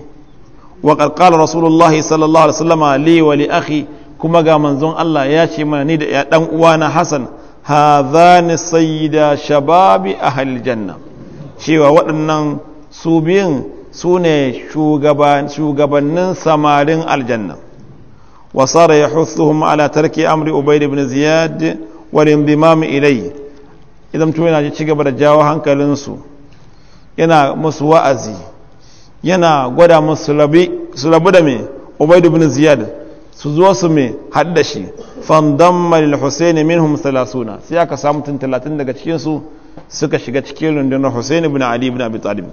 wa ƙarƙar rasulullahi sallallahu alaihi wasallama li wa li akhi kuma ga manzon Allah ya ce mana ni da ya ɗan uwana Hassan hazani sayyida shababi ahal janna cewa waɗannan su biyun su ne shugabannin samarin aljanna wasara ya hutsuhum ala tarki amri ubaid ibn ziyad wa rinbimam ilai idan tuwa yana ci gaba da jawo hankalinsu yana musu wa'azi yana gwada musu rabu da mai ubaid ibn ziyad su zo su mai hadda shi fandamma lil husaini minhum 30 sai aka samu tun talatin daga cikinsu suka shiga cikin rundunar husaini ibn ali ibn abi talib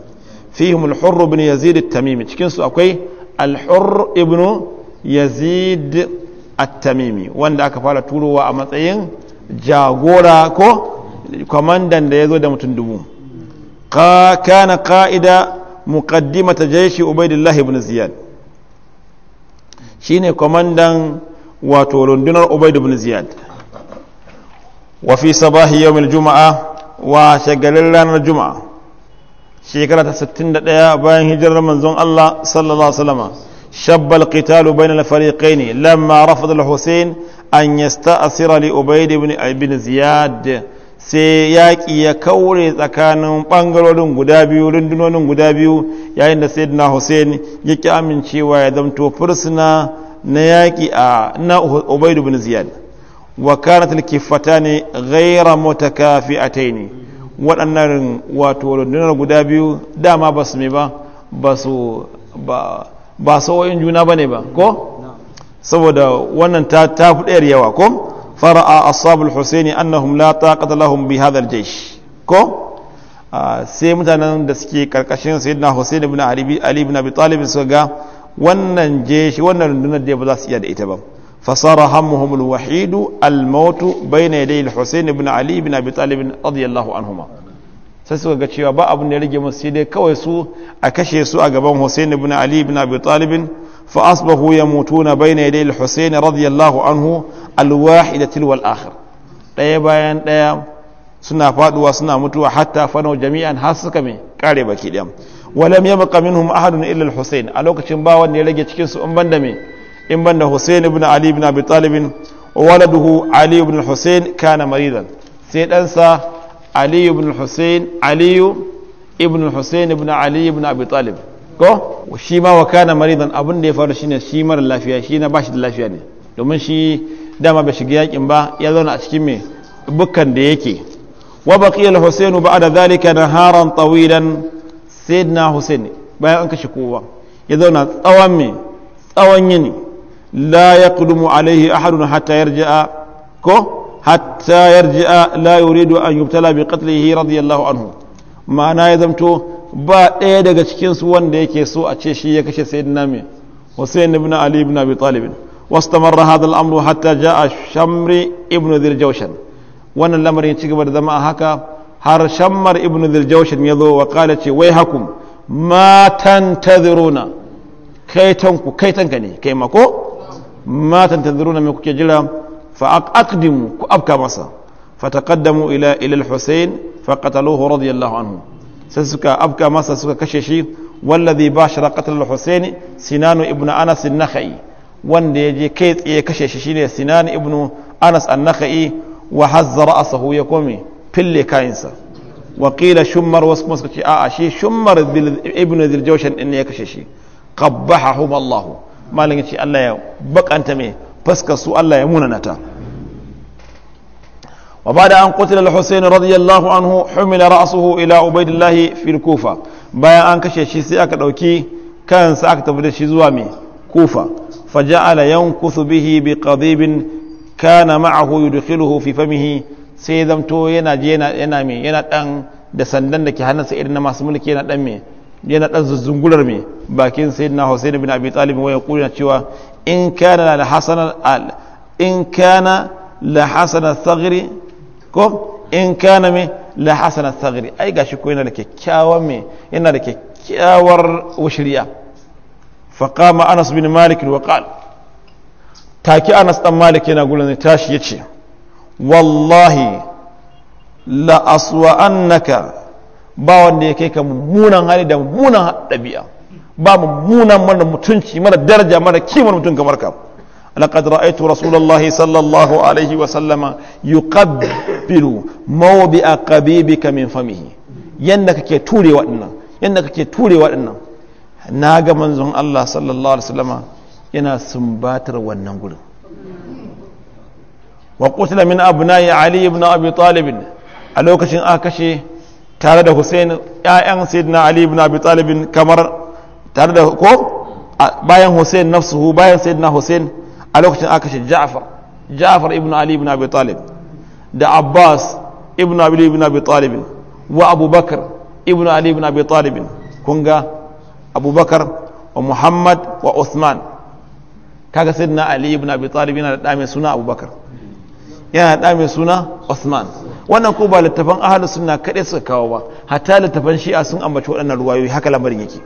fihim al-hurr ibn yazid tamimi cikin akwai al-hurr ibn yazid at-tamimi wanda aka fara turowa a matsayin jagora ko kwamandan da ya zo da mutum dubu ka kana ka'ida muqaddimata jaishi ubaidillah ibn ziyad shine kwamandan wato rundunar ubaid ibn ziyad wa fi sabahi yawmil juma'a wa shagalin ranar juma'a shekara ta da ɗaya bayan hijirar manzon Allah sallallahu alaihi wasallam shabba na bayna ne lamma rafada alhusayn an yasta'sira li ubayd ibn ibn ziyad sai yaƙi ya kaure tsakanin ɓangarorin guda biyu rundunonin guda biyu yayin da sayyidina hussein ya amincewa ya zamto fursuna na yaƙi a na ubayd ibn ziyad wa kanat alkifata ne ghaira waɗannan wato rundunar guda biyu dama ba su ba ba su ba juna ba ne ba ko saboda wannan ta fi ɗayar yawa ko fara'a ashabul husaini annahum la taqata lahum bi hadha al ko ah, sai mutanen da suke karkashin sayyidina husaini ibn ali ibn abi talib suka ga wannan jeshi wannan rundunar da ba za su iya da ita ba فصار همهم الوحيد الموت بين يدي الحسين بن علي بن ابي طالب رضي الله عنهما sai suka ga cewa ba abin da ya rage musu sai dai kawai su a kashe su a gaban Hussein ibn Ali ibn Abi Talib fa asbahu yamutuna bayna yaday al-Hussein radiyallahu anhu al-wahidati wal akhir daya bayan daya suna faduwa suna mutuwa hatta fanau jami'an har suka me kare baki daya walam yabqa minhum ahadun illa al-Hussein a lokacin ba wanda ya rage cikin su in banda me in da Hussein ibn Ali ibn abu Talib wa waladuhu Ali ibn Hussein kana maridan sai ɗansa Ali ibn Hussein Ali ibn Hussein ibn Ali ibn abu Talib ko shi ma wa kana maridan abin da ya faru shine shi mara lafiya shi na bashi da lafiya ne domin shi dama bai shiga yakin ba ya zauna a cikin me bukkan da yake wa baqiya al-Husayn ba'da dhalika naharan tawilan sayyidina Husayn bayan an kashe kowa ya zauna tsawon me tsawon yini la yaqdumu alaihi ahadun hatta yarji'a ko hatta yarji'a la yuridu an yubtala bi qatlihi radiyallahu anhu ma'ana ya zamto ba ɗaya daga cikin su wanda yake so a ce shi ya kashe sayyidina mai Hussein ibn Ali ibn Abi Talib واستمر هذا wannan lamarin جاء شمر ابن ذي الجوشن haka. الامر يتشكب دماء هكا هر شمر ابن ذي الجوشن يضو وقال ويحكم ما تنتظرون كيتنكو كيتنكني كيمكو ma tantaziruna me kuke jira fa aqdimu ku afka masa fataqaddamu ila ila al-husayn fa qataluhu radiyallahu anhu sai suka afka masa suka kashe shi wallazi bashara qatl al-husayn sinan ibn anas an-nakhai wanda yaje kai tsaye kashe shi shine sinan ibn anas an-nakhai wa hazza ra'sahu ya kome fille kayansa wa shumar shummar wasu kuma suka shi shummar ibnu dhiljawshan din ne ya kashe shi qabbahahum Allah malam ya ce Allah ya bakanta mai fuskar su Allah ya muna nata wa ba da an kutila al-Husayn radiyallahu anhu humila ra'suhu ila Ubaidillah fi Kufa bayan an kashe shi sai aka dauki kansa aka tafi da shi zuwa mai Kufa faja'ala yankuthu bihi bi qadibin kana ma'ahu yudkhiluhu fi famihi sai zamto yana je yana mai yana dan da sandan da ke hannunsa irin na masu mulki yana dan mai yana dan mai bakin sayyidina Hussein bin Abi Talib wa yaquluna cewa in kana la hasana al in kana la hasana thagri ko in kana me la hasana thagri ai gashi ko yana da kyakkyawan me yana da kyakkyawar washriya fa qama Anas bin Malik wa qala taki Anas dan Malik yana gurin tashi yace wallahi la aswa annaka ba wanda ya kai ka mummunan hali da munan ɗabi'a ba mummunan mana mutunci mana daraja mana kimar mutum kamar ka laqad ra'aytu rasulullahi sallallahu alaihi wa sallama yuqabbiru mawdi'a qabibika min famihi yanda kake ture waɗannan yanda kake ture wadannan naga manzon Allah sallallahu alaihi wasallama yana sumbatar wannan gurin wa qutila min abnai ali ibn abi talib a lokacin aka kashe tare da husain ƴaƴan sayyidina ali ibn abi talib kamar tare da ko bayan hussein nafsuhu bayan sayyidina hussein a lokacin aka ce ja'far ja'far ibn ali ibn abi talib da abbas ibn abi ibn abi talib wa abubakar ibn ali ibn abi talib kun ga abubakar wa muhammad wa usman kaga sayyidina ali ibn abi talib yana da dame suna abubakar yana da dame suna usman wannan ko ba littafan ahlus sunna kadai suka kawo ba hatta littafan shi'a sun ambaci waɗannan ruwayoyi haka lamarin yake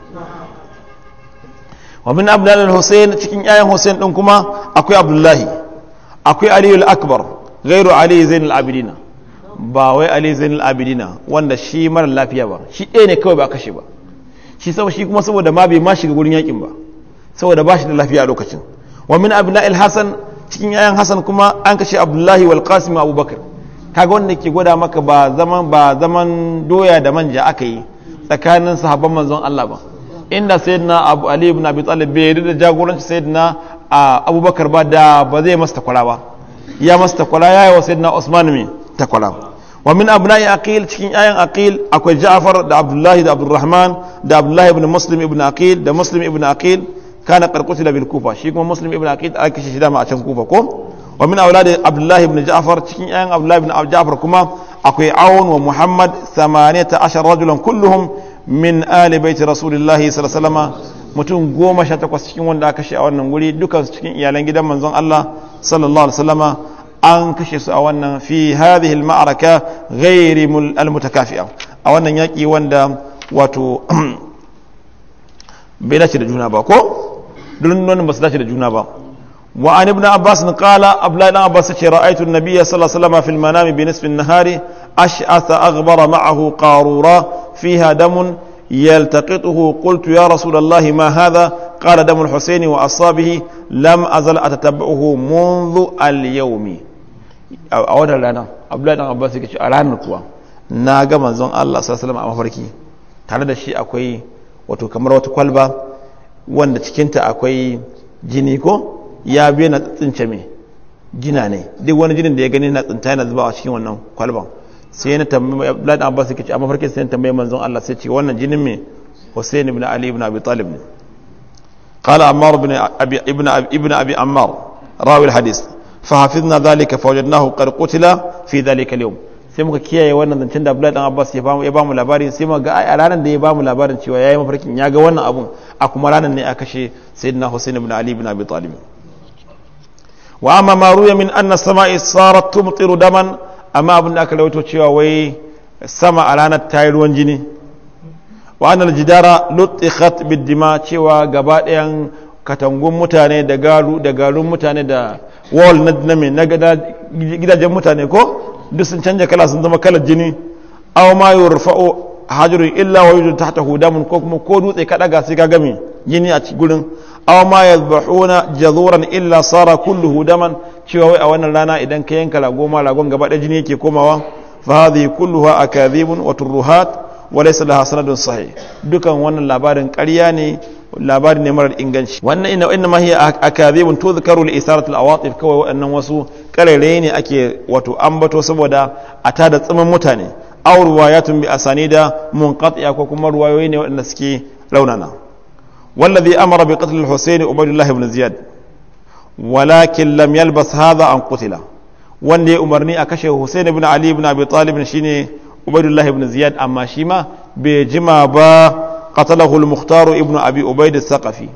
wa min abdullahi hussein cikin yayan hussein din kuma akwai abdullahi akwai aliyu akbar gairu ali zainul abidina ba wai ali zainul abidina wanda shi mara lafiya ba shi ɗaya ne kawai ba kashe ba shi sau shi kuma saboda ma bai ma shiga gurin yakin ba saboda ba shi da lafiya a lokacin wa min abdullahi hasan cikin yayan hasan kuma an kashe abdullahi wal qasim abubakar kaga wanda ke gwada maka ba zaman ba zaman doya da manja aka yi tsakanin sahabban manzon Allah ba inda sayidina abu ali ibn abi talib bai yarda da jagoranci sayidina abubakar ba da ba zai masa takwala ba ya masa takwala ya yi wa sayidina usman mai takwala wa min abna'i aqil cikin ayan aqil akwai ja'far da abdullahi da abdurrahman da abdullahi ibn muslim ibn aqil da muslim ibn aqil kana qarqutila bil kufa shi kuma muslim ibn aqil ake shi ma a can kufa ko wa min auladi abdullahi ibn ja'far cikin ayan abdullahi ibn ja'far kuma akwai awun wa muhammad 18 rajulan kulluhum min ali baiti rasulillahi sallallahu mutum goma sha takwas cikin wanda aka kashe a wannan guri dukansu cikin iyalan gidan manzon Allah sallallahu alaihi wasallama an kashe su a wannan fi hadhihi al-ma'araka ghairi al-mutakafi'a a wannan yaki wanda wato bai dace da juna ba ko dunnon ba su dace da juna ba wa an ibn abbas qala abla ibn abbas ce ra'aytu an-nabiyya sallallahu alaihi wasallam fi al-manami bi nisfi an-nahari أشعث أغبر معه قارورا فيها دم يلتقطه قلت يا رسول الله ما هذا قال دم الحسين وأصابه لم أزل أتتبعه منذ اليوم a wadar rana abdullahi dan abbas yake a ranar kuwa na ga manzon Allah sallallahu a mafarki tare da shi akwai wato kamar wata kwalba wanda cikinta akwai jini ko ya biya na tsince jina ne duk wani jinin da ya gani na tsinta yana zubawa cikin wannan kwalban sai na tambaye Abdullahi ibn Abbas yake ce amma farkin sai na tambaye manzon Allah sai ce wannan jinin me Hussein ibn Ali ibn Abi Talib ne قال عمار بن أبي ابن أبي ابن أبي عمار راوي الحديث فحفظنا ذلك فوجدناه قد قتل في ذلك اليوم sai muka kiyaye wannan zancen da Abdullahi dan Abbas ya bamu ya bamu labarin sai muka ga a ranar da ya bamu labarin cewa yayi mafarkin ya ga wannan abun a kuma ranar ne a kashe Sayyidina Hussein ibn Ali ibn Abi Talib wa amma ma ruya min anna as-sama'i sarat tumtiru daman amma abin da aka rawato cewa wai sama a ranar ta yi ruwan jini wa'anar jidara lutikhat bidima cewa gaba ɗayan katangun mutane da garu da garun mutane da wall na mai na gidajen mutane ko duk sun canja kala sun zama kalar jini aw ma yurfa'u hajrun illa wa yujadu tahtahu damun ko kuma ko dutse ka daga sai ka gami jini a cikin gurin aw ma yadhbahuna jazuran illa sara kulluhu hudaman. cewa wai a wannan rana idan ka yanka rago ma ragon gaba ɗaya jini yake komawa fa hadhihi kulluha akadhibun wa turuhat wa laysa laha sanadun sahih dukan wannan labarin ƙarya ne labari ne marar inganci wannan inna inna ma hiya akadhibun tudhkaru li isarat al awatif kawai waɗannan wasu ƙarere ne ake wato ambato saboda a tada tsaman mutane aw riwayatun bi asanida munqati'a ko kuma ruwayoyi ne waɗanda suke raunana والذي أمر بقتل الحسين عبيد الله بن زياد walakin lam yalbas hada an qutila wanda ya umarni a kashe Hussein ibn Ali ibn Abi Talib shine Ubaydullah ibn Ziyad amma shi ma bai jima ba qatalahu al-Mukhtar ibn Abi Ubaid al-Thaqafi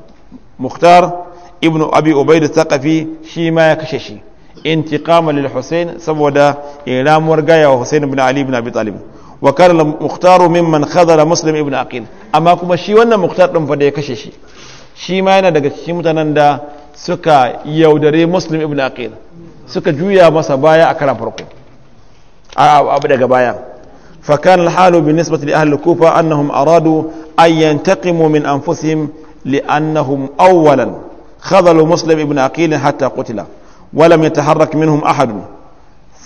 Mukhtar ibn Abi Ubayd al thaqafi mukhtar ibn abi ubayd al thaqafi shi ma ya kashe shi intiqama lil Hussein saboda iramuwar gaya wa Hussein ibn Ali ibn Abi Talib wa kana al-Mukhtar mimman khadala Muslim ibn Aqil amma kuma shi wannan Mukhtar din fa da ya kashe shi shi ma yana daga cikin mutanen da suka yaudare muslim ibn aqil suka juya masa baya a karan farko abu daga baya fakan alhalu bi nisbati li ahli kufa annahum aradu an yantaqimu min anfusihim li annahum awwalan khadalu muslim ibn aqil hatta qutila wa lam yataharrak minhum ahad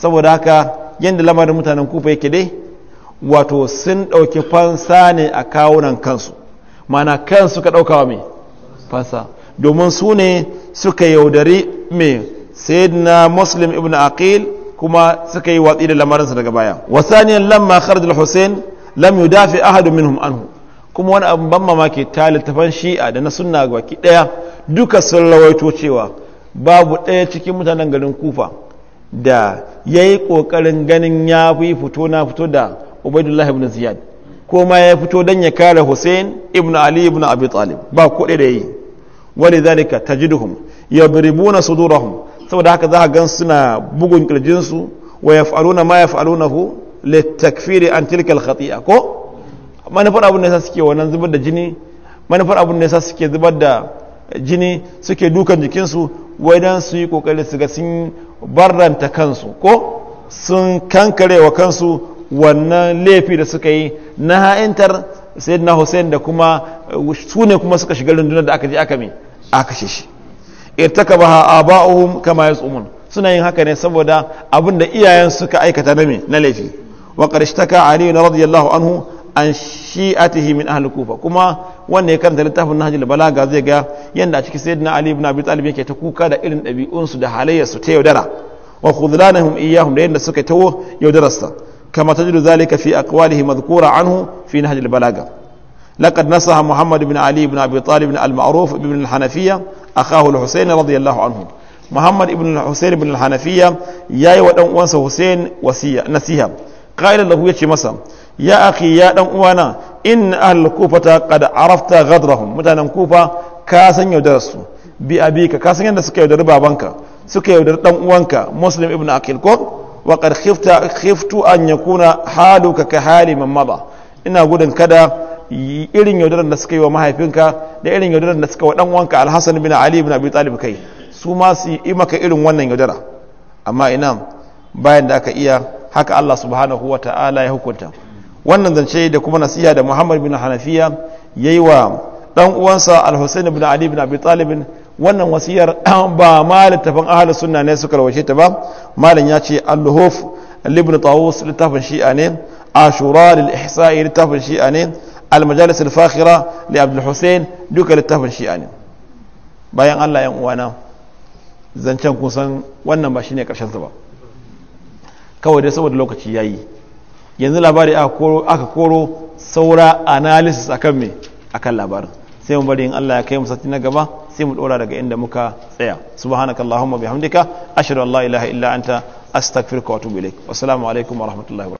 saboda haka yanda lamarin mutanen kufa yake dai wato sun dauki fansa ne a kawunan kansu mana kansu ka ɗauka wa me fansa domin su ne suka yaudari mai sayyidina muslim ibn aqil kuma suka yi watsi da lamarinsa daga baya wasaniyan lamma kharaj al-husayn lam yudafi ahad minhum anhu kuma wani abin ban mamaki ta littafan shi'a da na sunna baki daya duka sun rawaito cewa babu daya cikin mutanen garin kufa da ya yi ƙoƙarin ganin ya fi fito na fito da ubaidullah ibn ziyad ko ma ya fito don ya kare hussein ibn ali ibn abi talib ba kuɗi da yi walidhalika tajiduhum yadribuna sudurahum saboda haka za a gan suna bugun kirjinsu wa ya yaf'aluna ma ya le takfiri an tilkal khatia ko manufar abin da yasa suke wannan zubar da jini manufar abin da yasa suke zubar da jini suke dukan jikinsu wai dan su yi kokari su ga sun barranta kansu ko sun kankare wa kansu wannan laifi da suka yi na ha'intar sayyidina hussein da kuma eh, su ne kuma suka shiga rundunar da aka je aka mi aka kashe shi ba aba'uhum kama tsumun suna yin haka ne saboda abin da iyayen suka aikata na me na laifi wa qarishtaka ali radiyallahu anhu an shi'atihi min ahli kufa kuma wanda ya karanta littafin nahjul balaga zai ga yanda a cikin sayyidina ali ibn abi talib yake ta kuka da irin ɗabi'unsu da halayyarsu ta yaudara wa khudlanahum iyyahum da yanda suka tawo yaudararsa كما تجد ذلك في أقواله مذكورة عنه في نهج البلاغة لقد نصح محمد بن علي بن أبي طالب المعروف بن الحنفية أخاه الحسين رضي الله عنه محمد بن الحسين بن الحنفية يا ودن وانسى حسين وسيا نسيها قائل له يتي مسا يا أخي يا دن وانا إن أهل الكوفة قد عرفت غدرهم متانا كوفة كاسن يدرسوا بأبيك كاسن يدرسوا كيدر بابنك سكيدر دن وانك مسلم ابن أكيل كوك Waƙar qad khifta khiftu an kuna halu ka hali man ina gudun kada irin yaudaran da suka yi wa mahaifinka da irin yaudaran da suka wa dan wanka alhassan bin ali bin abi talib kai su ma su yi maka irin wannan yaudara amma ina bayan da aka iya haka Allah subhanahu wa ta'ala ya hukunta wannan zance da kuma nasiha da Muhammad bin Hanafiya yayi wa dan uwansa alhassan bin Ali bin Abi Talib wannan wasiyar ba ma littafin ahalus sunna ne suka rawashe ta ba malam ya ce al-luhuf ibn tawus littafin shi'a ne ashura lil ihsa'i littafin shi'a ne al-majalis da fakhira li abdul hussein duka littafin shi'a ne bayan Allah yan uwana zancen kun san wannan ba shine karshen sa ba kawai dai saboda lokaci yayi yanzu labari aka koro saura analysis akan me akan labarin sai mu bari in Allah ya kai mu sati na gaba sai mu dora daga inda muka tsaya subhanakallahumma bihamdika ashhadu an la ilaha illa anta astaghfiruka wa atubu ilaik wassalamu alaikum wa